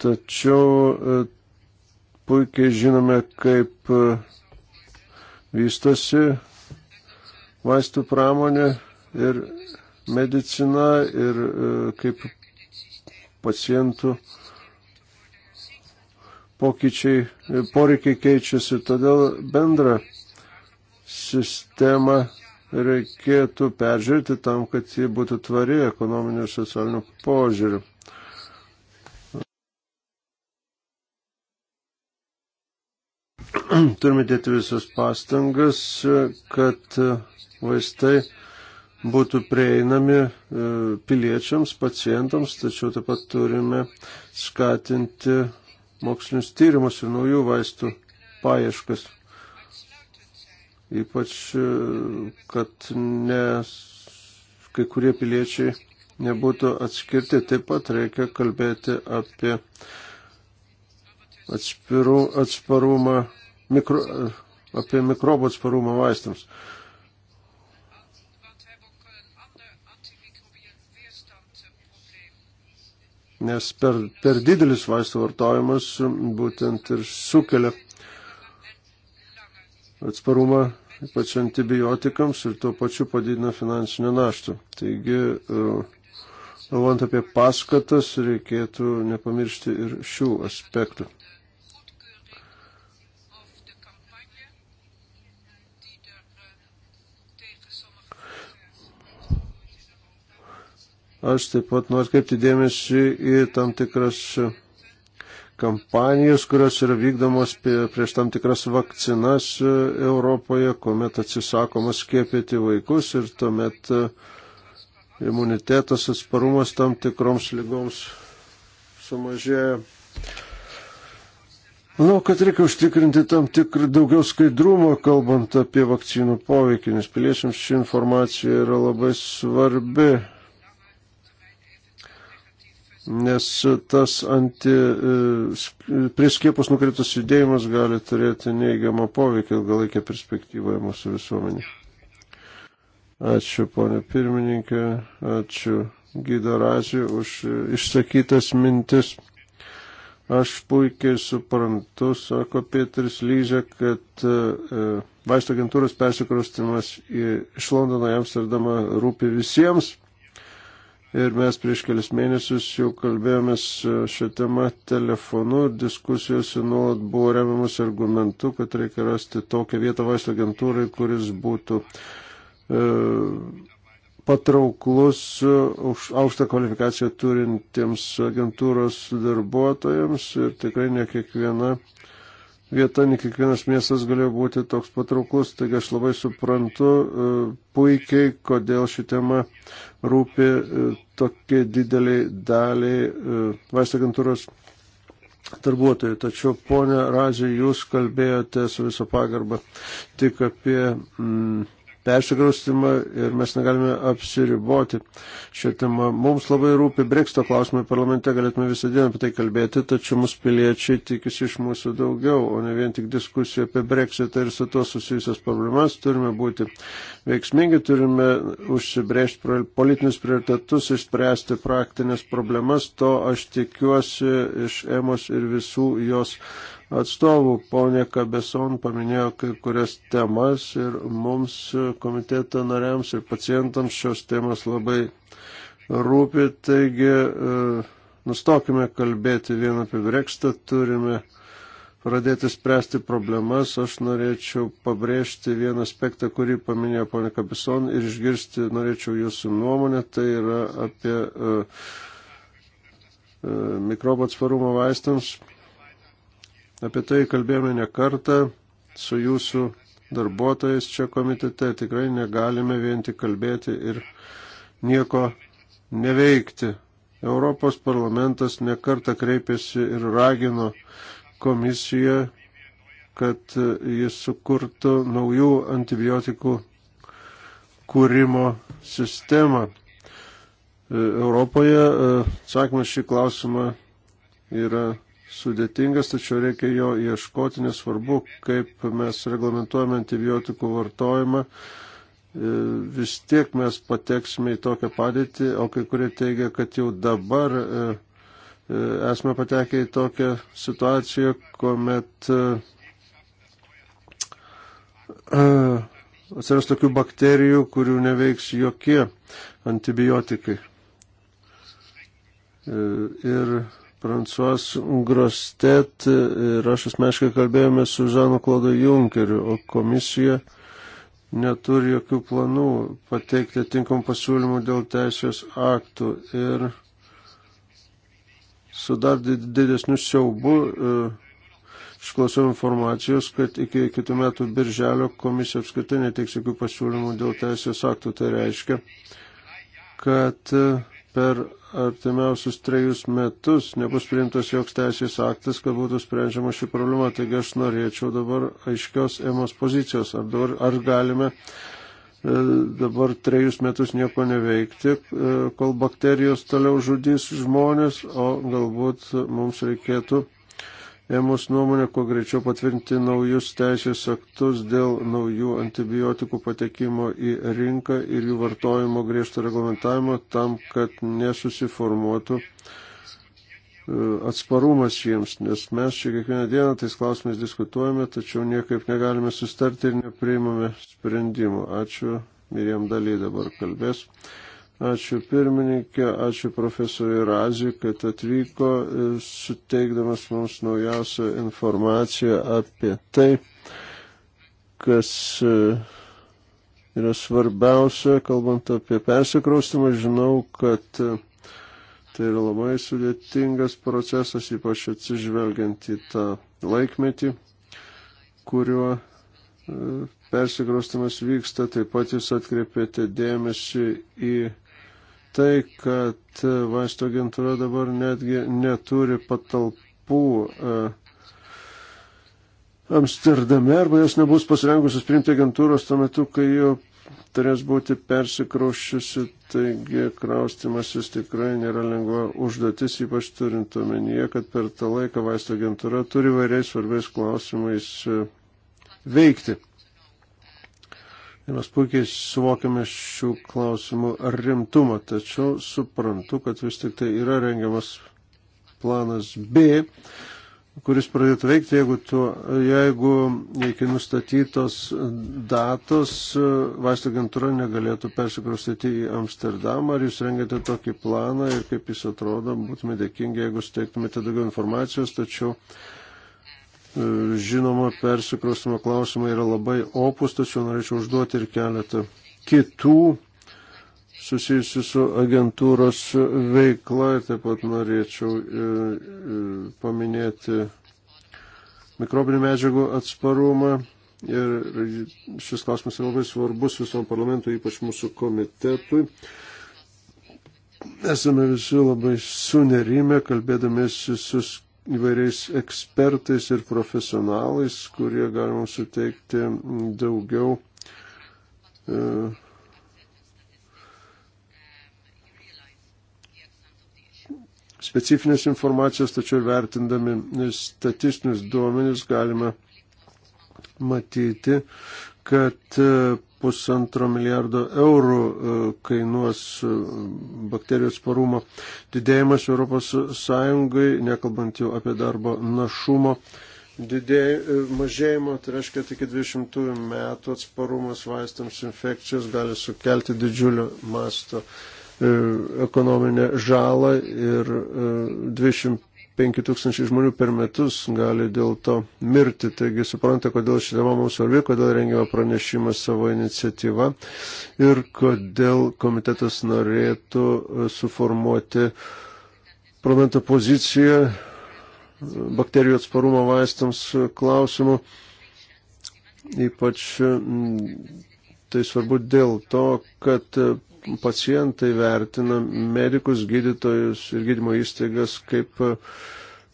Tačiau e, puikiai žinome, kaip e, vystosi vaistų pramonė ir medicina ir e, kaip pacientų pokyčiai, poreikiai keičiasi. Todėl bendrą sistemą reikėtų peržiūrėti tam, kad ji būtų tvari ekonominio ir socialinio požiūriu. turime dėti visas pastangas, kad vaistai būtų prieinami e, piliečiams, pacientams, tačiau taip pat turime skatinti mokslinius tyrimus ir naujų vaistų paieškas. Ypač, e, kad ne, kai kurie piliečiai nebūtų atskirti, taip pat reikia kalbėti apie atspirų, atsparumą mikro, apie mikrobų atsparumą vaistams. Nes per, per didelis vaistų vartojimas būtent ir sukelia atsparumą ypač antibiotikams ir tuo pačiu padidina finansinę naštą. Taigi, e, galvant apie paskatas, reikėtų nepamiršti ir šių aspektų. Aš taip pat noriu atkreipti dėmesį į tam tikras kampanijos, kurios yra vykdomos prieš tam tikras vakcinas Europoje, kuomet atsisakoma skiepyti vaikus ir tuomet e, imunitetas atsparumas tam tikroms lygoms sumažėja. Manau, kad reikia užtikrinti tam tikrą daugiau skaidrumo, kalbant apie vakcinų poveikį, nes piliečiams ši informacija yra labai svarbi nes tas anti, e, prieš skiepus nukritus judėjimas gali turėti neįgiamą poveikį ilgalaikę perspektyvoje mūsų visuomenė. Ačiū, ponė pirmininkė, ačiū Gydarazijų už išsakytas mintis. Aš puikiai suprantu, sako Petris Lyžė, kad e, vaisto agentūros persikrostimas iš Londono į Amsterdamą rūpi visiems. Ir mes prieš kelias mėnesius jau kalbėjomės e, šią temą telefonu, diskusijose nuolat buvo remiamas argumentu, kad reikia rasti tokią vietą vaisto agentūrai, kuris būtų e, patrauklus e, aukštą kvalifikaciją turintiems agentūros darbuotojams ir tikrai ne kiekviena vieta, ne kiekvienas miestas galėjo būti toks patrauklus, taigi aš labai suprantu e, puikiai, kodėl ši tema rūpi e, tokie dideliai daliai e, vaisto agentūros darbuotojų. Tačiau, ponia Razė, jūs kalbėjote su viso pagarba tik apie. Mm, persikraustimą ir mes negalime apsiriboti šią temą. Mums labai rūpi breksto klausimai parlamente, galėtume visą dieną apie tai kalbėti, tačiau mūsų piliečiai tikisi iš mūsų daugiau, o ne vien tik diskusijų apie breksitą ir su to susijusias problemas. Turime būti veiksmingi, turime užsibrėžti politinius prioritetus, išspręsti praktinės problemas. To aš tikiuosi iš Emos ir visų jos atstovų. Pone Kabeson paminėjo kai kurias temas ir mums komiteto nariams ir pacientams šios temas labai rūpi. Taigi e, nustokime kalbėti vien apie Brexitą, turime pradėti spręsti problemas. Aš norėčiau pabrėžti vieną aspektą, kurį paminėjo ponė Kabeson ir išgirsti norėčiau jūsų nuomonę. Tai yra apie e, e, mikrobų atsparumą vaistams Apie tai kalbėjome ne kartą su jūsų darbuotojais čia komitete. Tikrai negalime vien tik kalbėti ir nieko neveikti. Europos parlamentas nekarta kreipėsi ir ragino komisiją, kad jis sukurtų naujų antibiotikų kūrimo sistemą. Europoje e, atsakymas šį klausimą yra sudėtingas, tačiau reikia jo ieškoti, nesvarbu, kaip mes reglamentuojame antibiotikų vartojimą. E, vis tiek mes pateksime į tokią padėtį, o kai kurie teigia, kad jau dabar e, e, esame patekę į tokią situaciją, kuomet atsiras tokių bakterijų, kurių neveiks jokie antibiotikai. Ir Fransuas Grostet ir aš asmeniškai kalbėjome su Žanu Klodu Junkeriu, o komisija neturi jokių planų pateikti tinkamų pasiūlymų dėl teisės aktų ir su dar didesniu siaubu e, išklausiau informacijos, kad iki kitų metų birželio komisija apskritai neteiks jokių pasiūlymų dėl teisės aktų. Tai reiškia, kad uh, per artimiausius trejus metus nebus priimtas joks teisės aktas, kad būtų sprendžiama ši problema. Taigi aš norėčiau dabar aiškios emos pozicijos. Ar, dabar, ar galime e, dabar trejus metus nieko neveikti, e, kol bakterijos toliau žudys žmonės, o galbūt mums reikėtų Emos nuomonė, kuo greičiau patvirtinti naujus teisės aktus dėl naujų antibiotikų patekimo į rinką ir jų vartojimo griežto reglamentavimo tam, kad nesusiformuotų e, atsparumas jiems, nes mes čia kiekvieną dieną tais klausimais diskutuojame, tačiau niekaip negalime sustarti ir nepriimame sprendimų. Ačiū, Miriam Daly dabar kalbės. Ačiū pirmininkė, ačiū profesoriui Razijui, kad atvyko, e, suteikdamas mums naujausią informaciją apie tai, kas e, yra svarbiausia, kalbant apie persikraustimą. Žinau, kad e, tai yra labai sudėtingas procesas, ypač atsižvelgiant į tą laikmetį, kuriuo persikraustimas vyksta. Taip pat jūs atkreipėte dėmesį į tai, kad vaisto agentūra dabar netgi neturi patalpų e, Amsterdame arba jos nebus pasirengusios priimti agentūros tuo metu, kai jau turės būti persikraušiusi, taigi kraustimasis tikrai nėra lengva užduotis, ypač turint omenyje, kad per tą laiką vaisto agentūra turi vairiais svarbiais klausimais e, veikti. Ir mes puikiai suvokiame šių klausimų rimtumą, tačiau suprantu, kad vis tik tai yra rengiamas planas B, kuris pradėtų veikti, jeigu, tu, jeigu iki nustatytos datos e, vaistų agentūra negalėtų persikraustyti į Amsterdamą. Ar jūs rengiate tokį planą ir kaip jis atrodo, būtume dėkingi, jeigu suteiktumėte daugiau informacijos, tačiau E, žinoma, persikraustimo klausimai yra labai opus, tačiau norėčiau užduoti ir keletą kitų susijusių su agentūros veikla. Taip pat norėčiau e, e, paminėti mikrobinių medžiagų atsparumą. Ir šis klausimas yra labai svarbus visam parlamentui, ypač mūsų komitetui esame visi labai sunerime, kalbėdamėsi su įvairiais ekspertais ir profesionalais, kurie galima suteikti daugiau e, specifinės informacijos, tačiau vertindami statistinius duomenis galime matyti, kad e, pusantro milijardo eurų e, kainuos e, bakterijos sparumo didėjimas Europos Sąjungai, nekalbant jau apie darbo našumo didėj, e, mažėjimo, tai reiškia, iki 20 metų atsparumas vaistams infekcijos gali sukelti didžiulio masto ekonominę žalą ir 25 5000 žmonių per metus gali dėl to mirti. Taigi supranta, kodėl ši tema mums svarbi, kodėl rengiama pranešimas savo iniciatyva ir kodėl komitetas norėtų e, suformuoti parlamento poziciją e, bakterijų atsparumo vaistams e, klausimu. Ypač tai svarbu dėl to, kad pacientai vertina medikus, gydytojus ir gydymo įstaigas kaip e,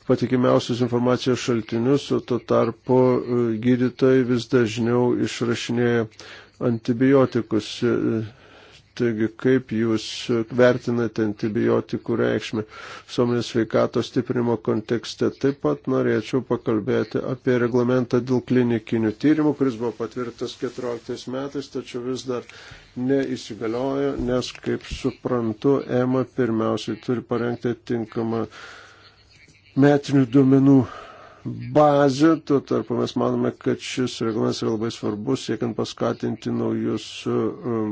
patikimiausius informacijos šaltinius, o tuo tarpu e, gydytojai vis dažniau išrašinėja antibiotikus. E, Taigi, kaip jūs vertinate antibiotikų reikšmę suomenės sveikatos stiprinimo kontekste? Taip pat norėčiau pakalbėti apie reglamentą dėl klinikinių tyrimų, kuris buvo patvirtas 14 metais, tačiau vis dar neįsigaliojo, nes, kaip suprantu, EMA pirmiausiai turi parengti tinkamą metinių duomenų bazę, tuo tarpu mes manome, kad šis reglamentas yra labai svarbus, siekiant paskatinti naujus e,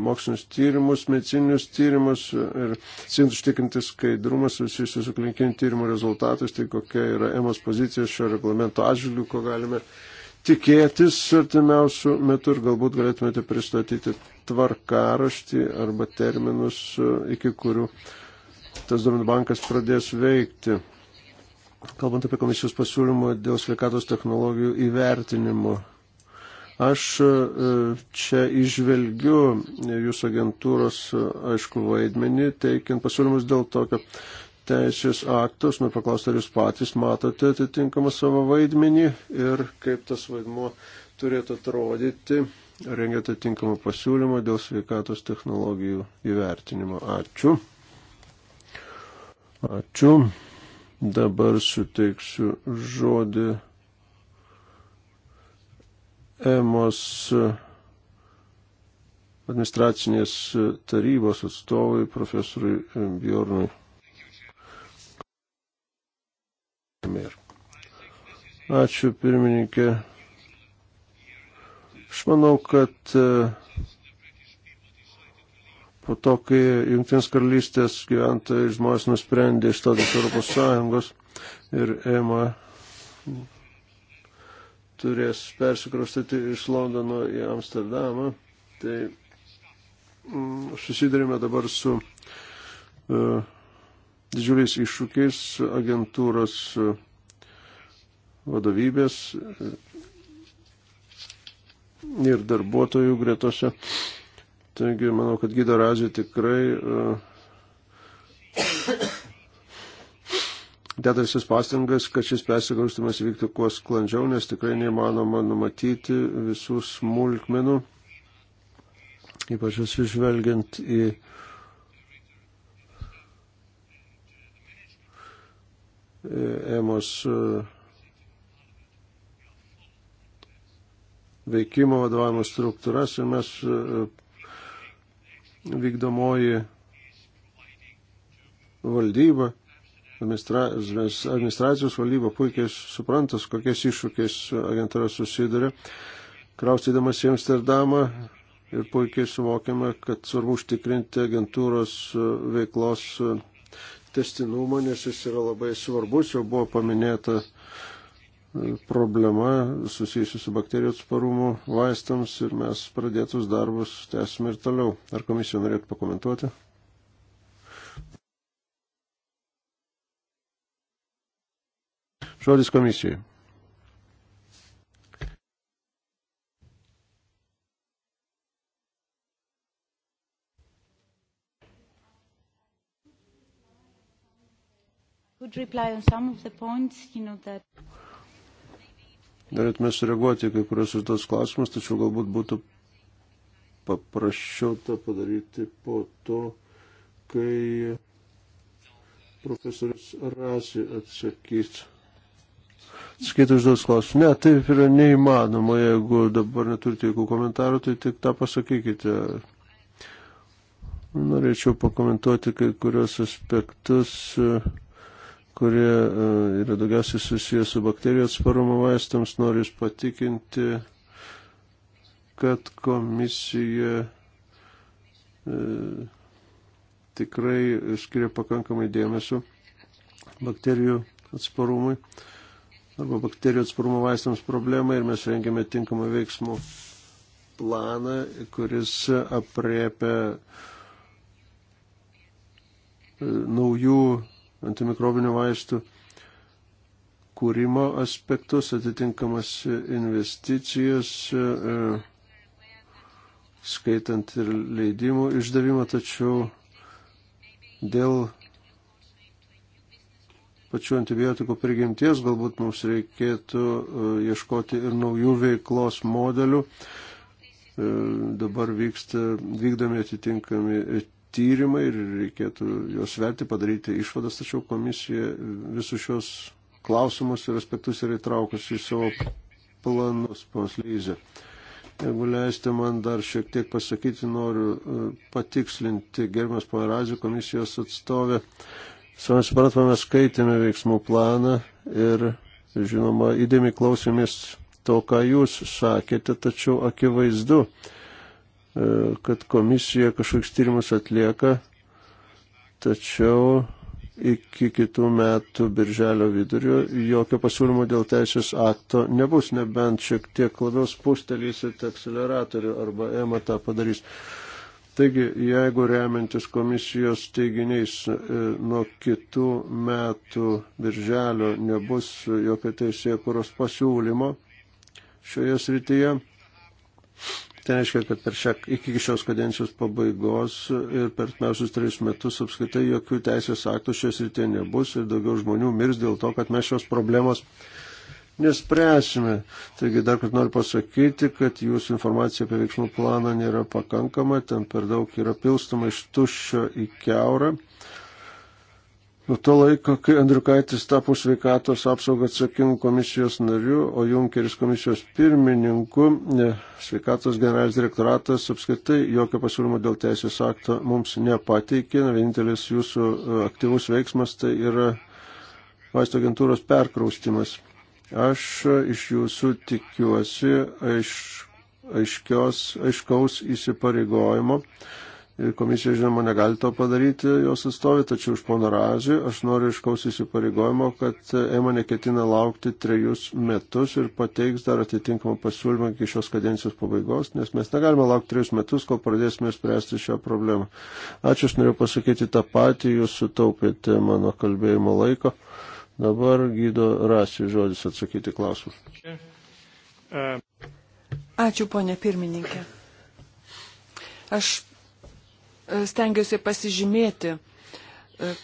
mokslinius tyrimus, medicininius tyrimus ir siekiant užtikrinti skaidrumą susijusiu su klinikiniu tyrimu rezultatais, tai kokia yra EMOS pozicija šio reglamento atžvilgiu, ko galime tikėtis artimiausių metų ir galbūt galėtumėte pristatyti tvarkaraštį arba terminus, e, iki kurių tas duomenų bankas pradės veikti kalbant apie komisijos pasiūlymą dėl sveikatos technologijų įvertinimo. Aš e, čia išvelgiu jūsų agentūros, e, aišku, vaidmenį, teikiant pasiūlymus dėl tokio teisės aktos. Noriu paklausti, ar jūs patys matote atitinkamą savo vaidmenį ir kaip tas vaidmuo turėtų atrodyti, rengiant atitinkamą pasiūlymą dėl sveikatos technologijų įvertinimo. Ačiū. Ačiū. Dabar suteiksiu žodį EMOS administracinės tarybos atstovui profesoriui Bjornui. Ačiū pirmininkė. Aš manau, kad po to, kai Junktinės karalystės gyventojai žmonės nusprendė išstoti iš Europos Sąjungos ir EMA turės persikrostyti iš Londono į Amsterdamą, tai mm, susidarėme dabar su uh, didžiuliais iššūkiais agentūros uh, vadovybės uh, ir darbuotojų gretose. Uh, Taigi, manau, kad Gyda Razė tikrai uh, deda visas pastangas, kad šis persigaustimas vyktų kuo sklandžiau, nes tikrai neįmanoma numatyti visų smulkmenų, ypač atsižvelgiant į EMOS e, veikimo vadovavimo struktūras ir mes e, vykdomoji valdyba, administra, administracijos valdyba puikiai supranta, su kokiais iššūkiais agentūra susiduria, kraustydamas į Amsterdamą ir puikiai suvokiame, kad svarbu užtikrinti agentūros veiklos testinumą, nes jis yra labai svarbus, jau buvo paminėta problema susijusi su bakterijų atsparumu vaistams ir mes pradėtus darbus tęsime ir toliau. Ar komisija norėtų pakomentuoti? Žodis komisijai. Could reply on some of the points, you know, that norėtume sureaguoti kai kurios ir tos klausimus, tačiau galbūt būtų paprasčiau tą padaryti po to, kai profesorius Rasi atsakys. Skaitai užduos klausimą. Ne, taip yra neįmanoma, jeigu dabar neturite jokių komentarų, tai tik tą pasakykite. Norėčiau pakomentuoti kai kurios aspektus. Uh, kurie yra daugiausiai susijęs su bakterijų atsparumo vaistams, noriu Jūs patikinti, kad komisija e, tikrai skiria pakankamai dėmesio bakterijų atsparumui arba bakterijų atsparumo vaistams problemai ir mes rengiame tinkamą veiksmų planą, kuris apriepia e, naujų antimikrobinių vaistų kūrimo aspektus, atitinkamas investicijas, e, skaitant ir leidimų išdavimą, tačiau dėl pačių antibiotikų prigimties galbūt mums reikėtų e, ieškoti ir naujų veiklos modelių. E, dabar vyksta, vykdomi atitinkami tyrimai ir reikėtų juos verti, padaryti išvadas, tačiau komisija visus šios klausimus ir aspektus yra įtraukusi į savo planus, panas Lyze. Jeigu leisite man dar šiek tiek pasakyti, noriu e, patikslinti gerbiamas Pomerazijų komisijos atstovė. Savame suprantame, mes skaitėme veiksmų planą ir, žinoma, įdėmi klausėmės to, ką jūs sakėte, tačiau akivaizdu, E, kad komisija kažkoks tyrimus atlieka, tačiau iki kitų metų birželio vidurio jokio pasiūlymo dėl teisės akto nebus, nebent šiek tiek labiau spustelysite akceleratorių arba EMA tą padarys. Taigi, jeigu remiantis komisijos teiginiais e, nuo kitų metų birželio nebus jokio teisėkuros pasiūlymo šioje srityje, Tai reiškia, kad per šią, iki šios kadencijos pabaigos ir per pirmiausius trejus metus apskaitai jokių teisės aktų šios rytė nebus ir daugiau žmonių mirs dėl to, kad mes šios problemos nespręsime. Taigi dar kartą noriu pasakyti, kad jūsų informacija apie veiksmų planą nėra pakankama, ten per daug yra pilstama iš tuščio į keurą. Nuo to laiko, kai Andriukaitis tapo sveikatos apsaugą atsakingų komisijos nariu, o Junkeris komisijos pirmininku, ne, sveikatos generalinis direktoratas apskritai jokio pasiūlymo dėl teisės akto mums nepateikė. Vienintelis jūsų e, aktyvus veiksmas tai yra vaisto agentūros perkraustimas. Aš e, iš jūsų tikiuosi aiš, aiškios, aiškaus įsipareigojimo ir komisija, žinoma, negali to padaryti jos atstovai, tačiau už pono Razį aš noriu iškaus įsipareigojimo, kad EMA neketina laukti trejus metus ir pateiks dar atitinkamą pasiūlymą iki šios kadencijos pabaigos, nes mes negalime laukti trejus metus, kol pradėsime spręsti šią problemą. Ačiū, aš noriu pasakyti tą patį, jūs sutaupėte mano kalbėjimo laiko. Dabar gydo Rasių žodis atsakyti klausimus. Ačiū, ponė pirmininkė. Aš stengiuosi pasižymėti e,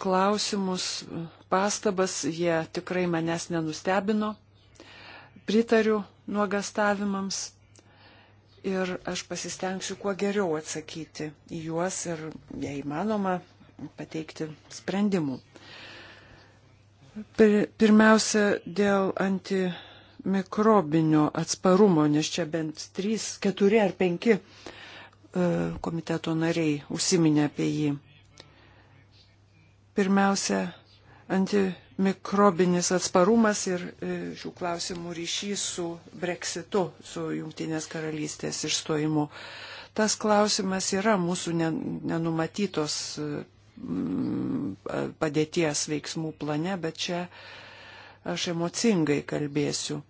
klausimus, pastabas, jie tikrai manęs nenustebino. Pritariu nuogastavimams ir aš pasistengsiu kuo geriau atsakyti į juos ir, jei įmanoma, pateikti sprendimų. Pirmiausia, dėl antimikrobinio atsparumo, nes čia bent trys, keturi ar penki uh, E, komiteto nariai užsiminė apie jį. Pirmiausia, antimikrobinis atsparumas ir e, šių klausimų ryšys su breksitu, su Junktinės karalystės išstojimu. Tas klausimas yra mūsų nenumatytos e, padėties veiksmų plane, bet čia aš emocingai kalbėsiu.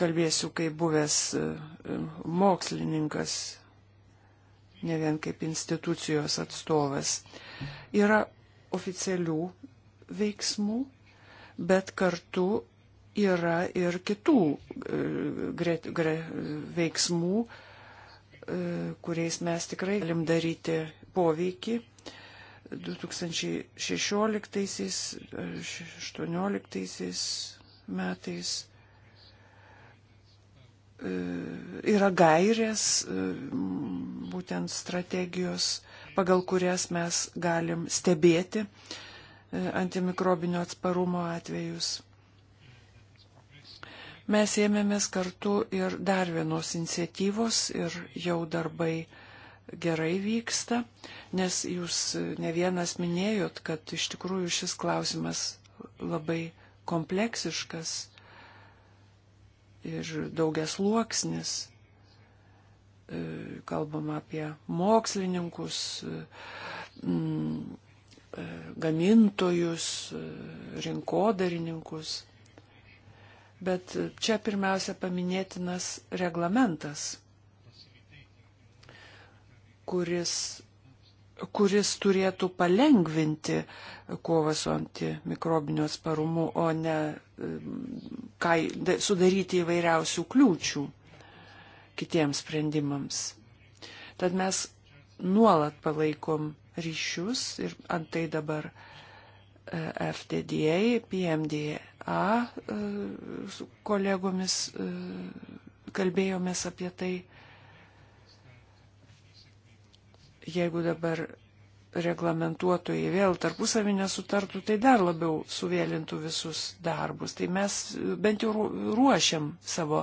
kalbėsiu kaip buvęs e, e, mokslininkas, ne vien kaip institucijos atstovas. Yra oficialių veiksmų, bet kartu yra ir kitų e, gre, gre, veiksmų, kuriais mes tikrai galim daryti poveikį 2016-2018 metais yra gairės, e, būtent strategijos, pagal kurias mes galim stebėti e, antimikrobinio atsparumo atvejus. Mes ėmėmės kartu ir dar vienos iniciatyvos ir jau darbai gerai vyksta, nes jūs ne vienas minėjot, kad iš tikrųjų šis klausimas labai kompleksiškas ir daugias luoksnis. E, kalbam apie mokslininkus, e, mm, e, gamintojus, rinkodarininkus. Bet čia pirmiausia paminėtinas reglamentas, kuris kuris turėtų palengvinti kovą su antimikrobiniu atsparumu, o ne mm, kai, sudaryti įvairiausių kliūčių kitiems sprendimams. Tad mes nuolat palaikom ryšius ir antai dabar e, FDDA, PMDA e, su kolegomis e, kalbėjomės apie tai jeigu dabar reglamentuotojai vėl tarpusavį nesutartų, tai dar labiau suvėlintų visus darbus. Tai mes bent jau ruošiam savo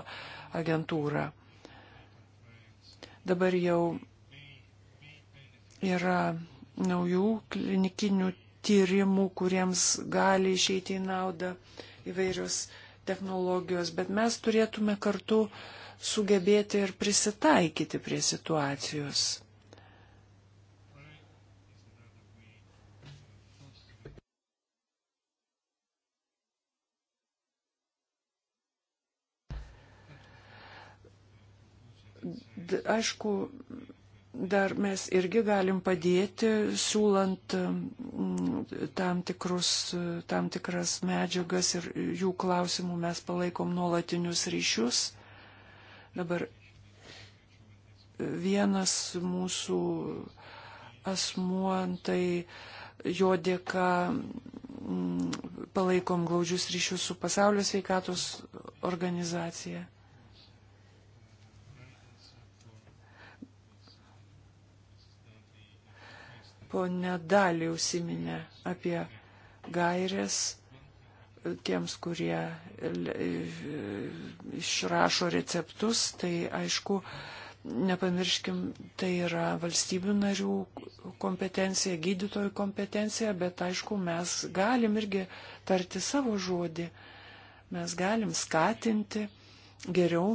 agentūrą. Dabar jau yra naujų klinikinių tyrimų, kuriems gali išeiti į naudą įvairios technologijos, bet mes turėtume kartu sugebėti ir prisitaikyti prie situacijos aišku, dar mes irgi galim padėti, siūlant mm, tam, tikrus, tam tikras medžiagas ir jų klausimų mes palaikom nuolatinius ryšius. Dabar vienas mūsų asmuo, tai jo dėka mm, palaikom glaudžius ryšius su pasaulio sveikatos organizacija. Pone Dalį užsiminė apie gairės tiems, kurie išrašo receptus, tai aišku, nepamirškim, tai yra valstybių narių kompetencija, gydytojų kompetencija, bet aišku, mes galim irgi tarti savo žodį, mes galim skatinti geriau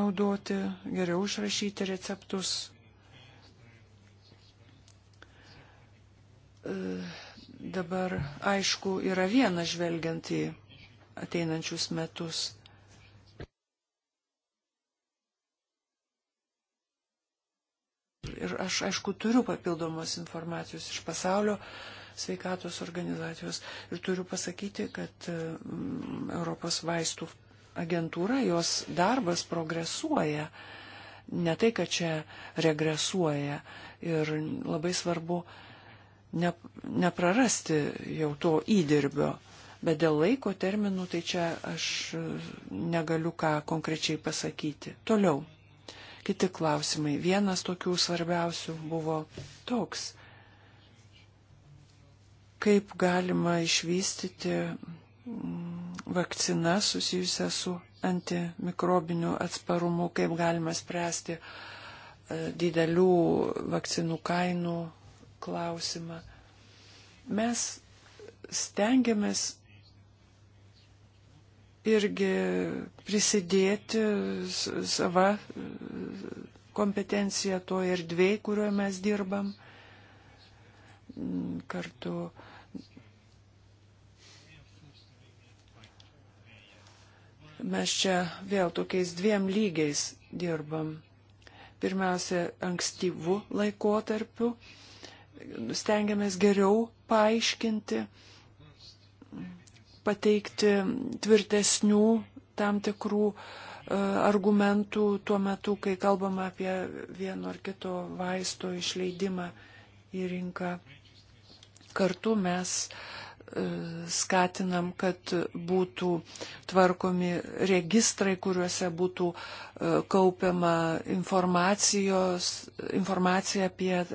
naudoti, geriau išrašyti receptus E, dabar aišku yra viena žvelgiant į ateinančius metus. Ir aš, aišku, turiu papildomos informacijos iš pasaulio sveikatos organizacijos ir turiu pasakyti, kad e, Europos vaistų agentūra, jos darbas progresuoja. Ne tai, kad čia regresuoja ir labai svarbu uh, ne, neprarasti jau to įdirbio. Bet dėl laiko terminų tai čia aš negaliu ką konkrečiai pasakyti. Toliau. Kiti klausimai. Vienas tokių svarbiausių buvo toks. Kaip galima išvystyti mm, vakciną susijusią su antimikrobiniu atsparumu, kaip galima spręsti e, didelių vakcinų kainų klausimą. Mes stengiamės irgi prisidėti savo kompetenciją to erdvėj, kurioje mes dirbam kartu. Mes čia vėl tokiais dviem lygiais dirbam. Pirmiausia, ankstyvų laikotarpių stengiamės geriau paaiškinti, pateikti tvirtesnių tam tikrų e, argumentų tuo metu, kai kalbama apie vieno ar kito vaisto išleidimą į rinką. Kartu mes uh, E, skatinam, kad būtų tvarkomi registrai, kuriuose būtų e, kaupiama informacija apie e,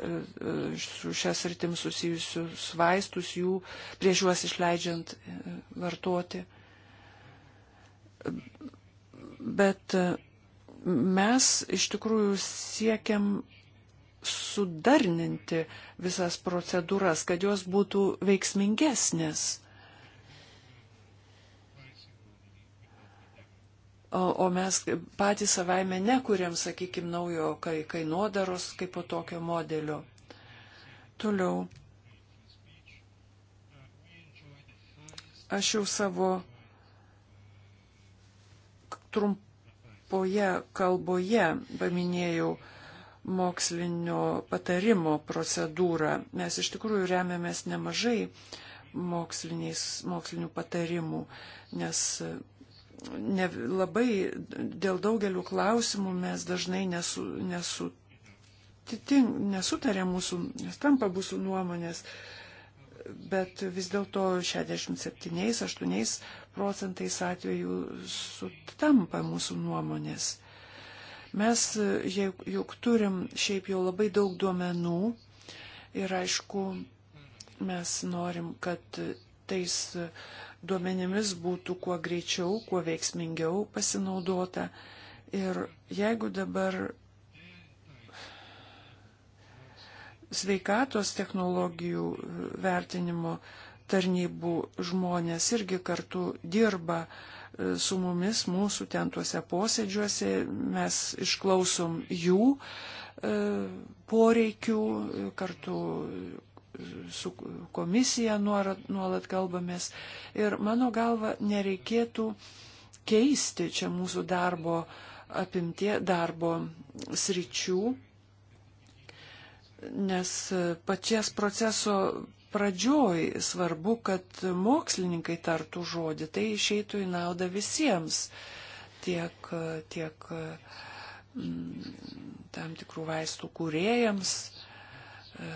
su šias rytim susijusius vaistus, jų prieš juos išleidžiant vartoti. Bet mes iš tikrųjų siekiam sudarninti visas procedūras, kad jos būtų veiksmingesnės. O, o mes patys savaime nekuriam, sakykime, naujo kainodaros kaip po tokio modelio. Toliau. Aš jau savo trumpoje kalboje paminėjau, mokslinio patarimo procedūrą. Mes iš tikrųjų remiamės nemažai mokslinių patarimų, nes e, ne, labai dėl daugelių klausimų mes dažnai nesu, nesu, titink, nesutarė mūsų, nesutampa mūsų nuomonės, bet vis dėlto 67-8 procentais atveju sutampa mūsų nuomonės. Mes juk turim šiaip jau labai daug duomenų ir aišku, mes norim, kad tais duomenimis būtų kuo greičiau, kuo veiksmingiau pasinaudota. Ir jeigu dabar sveikatos technologijų vertinimo tarnybų žmonės irgi kartu dirba su mumis mūsų ten tuose posėdžiuose, mes išklausom jų e, poreikių, kartu su komisija nuolat kalbamės. Ir mano galva nereikėtų keisti čia mūsų darbo apimtie, darbo sričių, nes pačias proceso pradžioj svarbu, kad mokslininkai tartų žodį, tai išeitų į naudą visiems, tiek, tiek mm, tam tikrų vaistų kūrėjams, e,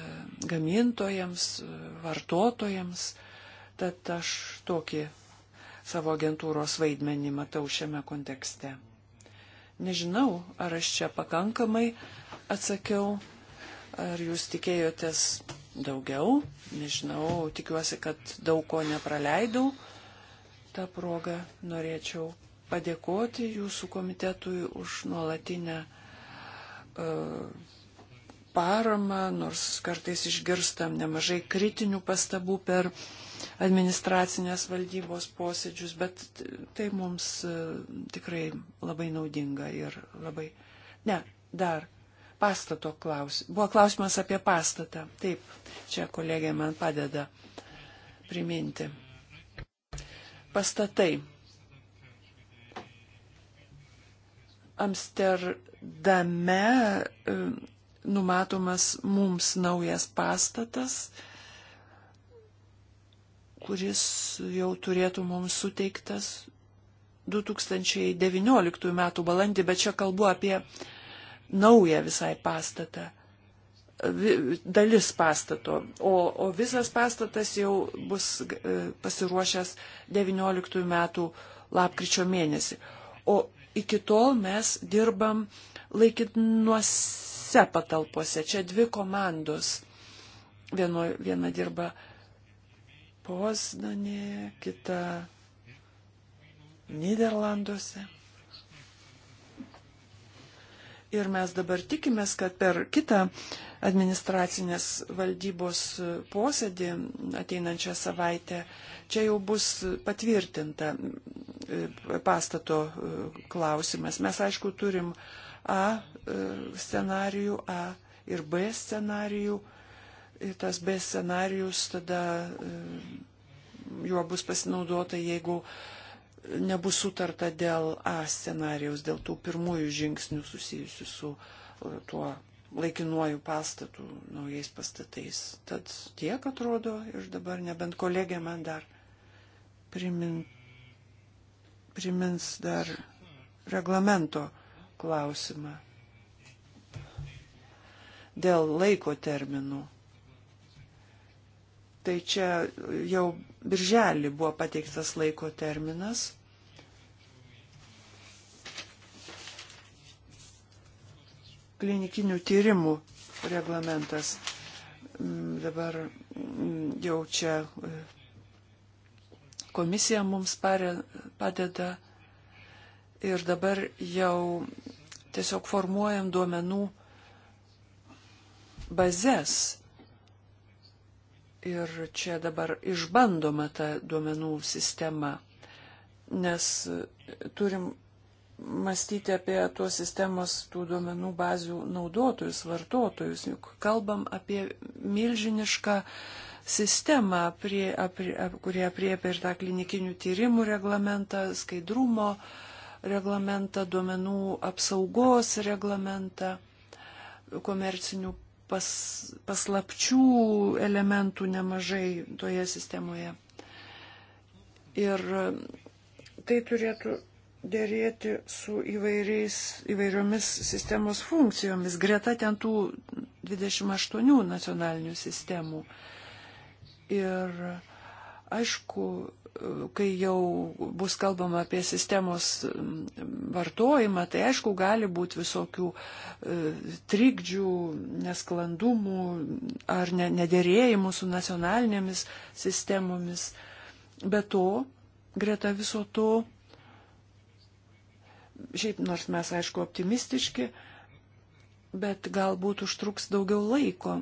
gamintojams, vartotojams. Tad aš tokį savo agentūros vaidmenį matau šiame kontekste. Nežinau, ar aš čia pakankamai atsakiau, ar jūs tikėjotės daugiau. Nežinau, tikiuosi, kad daug ko nepraleidau. Ta proga norėčiau padėkoti jūsų komitetui už nuolatinę uh, paramą, nors kartais išgirstam nemažai kritinių pastabų per administracinės valdybos posėdžius, bet tai mums uh, tikrai labai naudinga ir labai. Ne, dar pastato klausimas. Buvo klausimas apie pastatą. Taip, čia kolegė man padeda priminti. Pastatai. Amsterdame e, numatomas mums naujas pastatas, kuris jau turėtų mums suteiktas 2019 m. balandį, bet čia kalbu apie naują visai pastatą, dalis pastato, o, o visas pastatas jau bus e, pasiruošęs 19 metų lapkričio mėnesį. O iki tol mes dirbam laikinuose patalpose. Čia dvi komandos. Vieno, viena dirba Poznanė, kita Niderlanduose. Ir mes dabar tikimės, kad per kitą administracinės valdybos posėdį ateinančią savaitę čia jau bus patvirtinta e, pastato e, klausimas. Mes aišku turim A e, scenarijų, A ir B scenarijų. Ir tas B scenarijus tada juo bus pasinaudota, jeigu uh, nebus sutarta dėl A scenarijaus, dėl tų pirmųjų žingsnių susijusių su e, tuo laikinuoju pastatu, naujais pastatais. Tad tiek atrodo ir dabar nebent kolegė man dar primin, primins dar reglamento klausimą dėl laiko terminų. Tai čia jau birželį buvo pateiktas laiko terminas. Klinikinių tyrimų reglamentas mm, dabar mm, jau čia e, komisija mums padeda ir dabar jau tiesiog formuojam duomenų bazės Ir čia dabar išbandoma ta duomenų sistema, nes turim mąstyti apie tuos sistemos, tų duomenų bazių naudotojus, vartotojus. Juk kalbam apie milžinišką sistemą, prie, apri, ap, kurie apriepia ir tą klinikinių tyrimų reglamentą, skaidrumo reglamentą, duomenų apsaugos reglamentą, komercinių pas, paslapčių elementų nemažai toje sistemoje. Ir tai turėtų dėrėti su įvairiomis sistemos funkcijomis, greta ten tų 28 nacionalinių sistemų. Ir aišku, kai jau bus kalbama apie sistemos vartojimą, tai aišku, gali būti visokių e, trikdžių, nesklandumų ar nederėjimų su nacionalinėmis sistemomis. Be to, greta viso to, šiaip nors mes aišku optimistiški, bet galbūt užtruks daugiau laiko,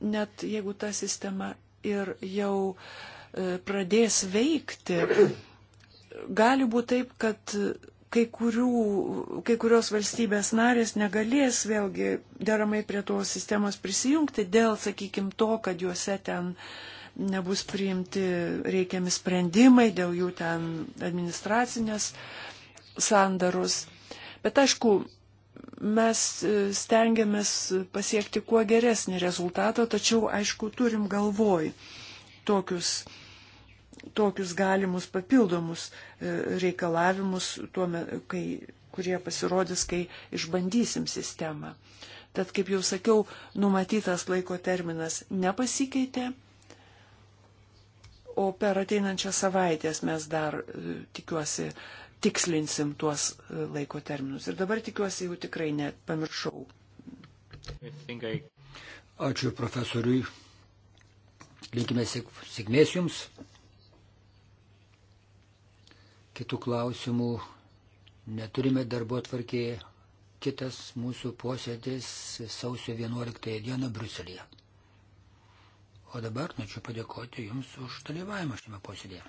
net jeigu ta sistema ir jau uh, E, pradės veikti, gali būti taip, kad kai, kurių, kai kurios valstybės narės negalės vėlgi deramai prie tos sistemos prisijungti dėl, sakykime, to, kad juose ten nebus priimti reikiami sprendimai, dėl jų ten administracinės sandaros. Bet aišku, mes e, stengiamės pasiekti kuo geresnį rezultatą, tačiau aišku, turim galvoj tokius, tokius galimus papildomus e, reikalavimus, tuo, kai, kurie pasirodys, kai išbandysim sistemą. Tad, kaip jau sakiau, numatytas laiko terminas nepasikeitė, o per ateinančią savaitę mes dar, e, tikiuosi, tikslinsim tuos e, laiko terminus. Ir dabar tikiuosi, jau tikrai nepamiršau. Ačiū profesoriui. Linkime sėkmės jums. Kitų klausimų neturime darbo atvarkėje. Kitas mūsų posėdis sausio 11 dieną Bruselėje. O dabar norėčiau padėkoti Jums už dalyvavimą šiame posėdėje.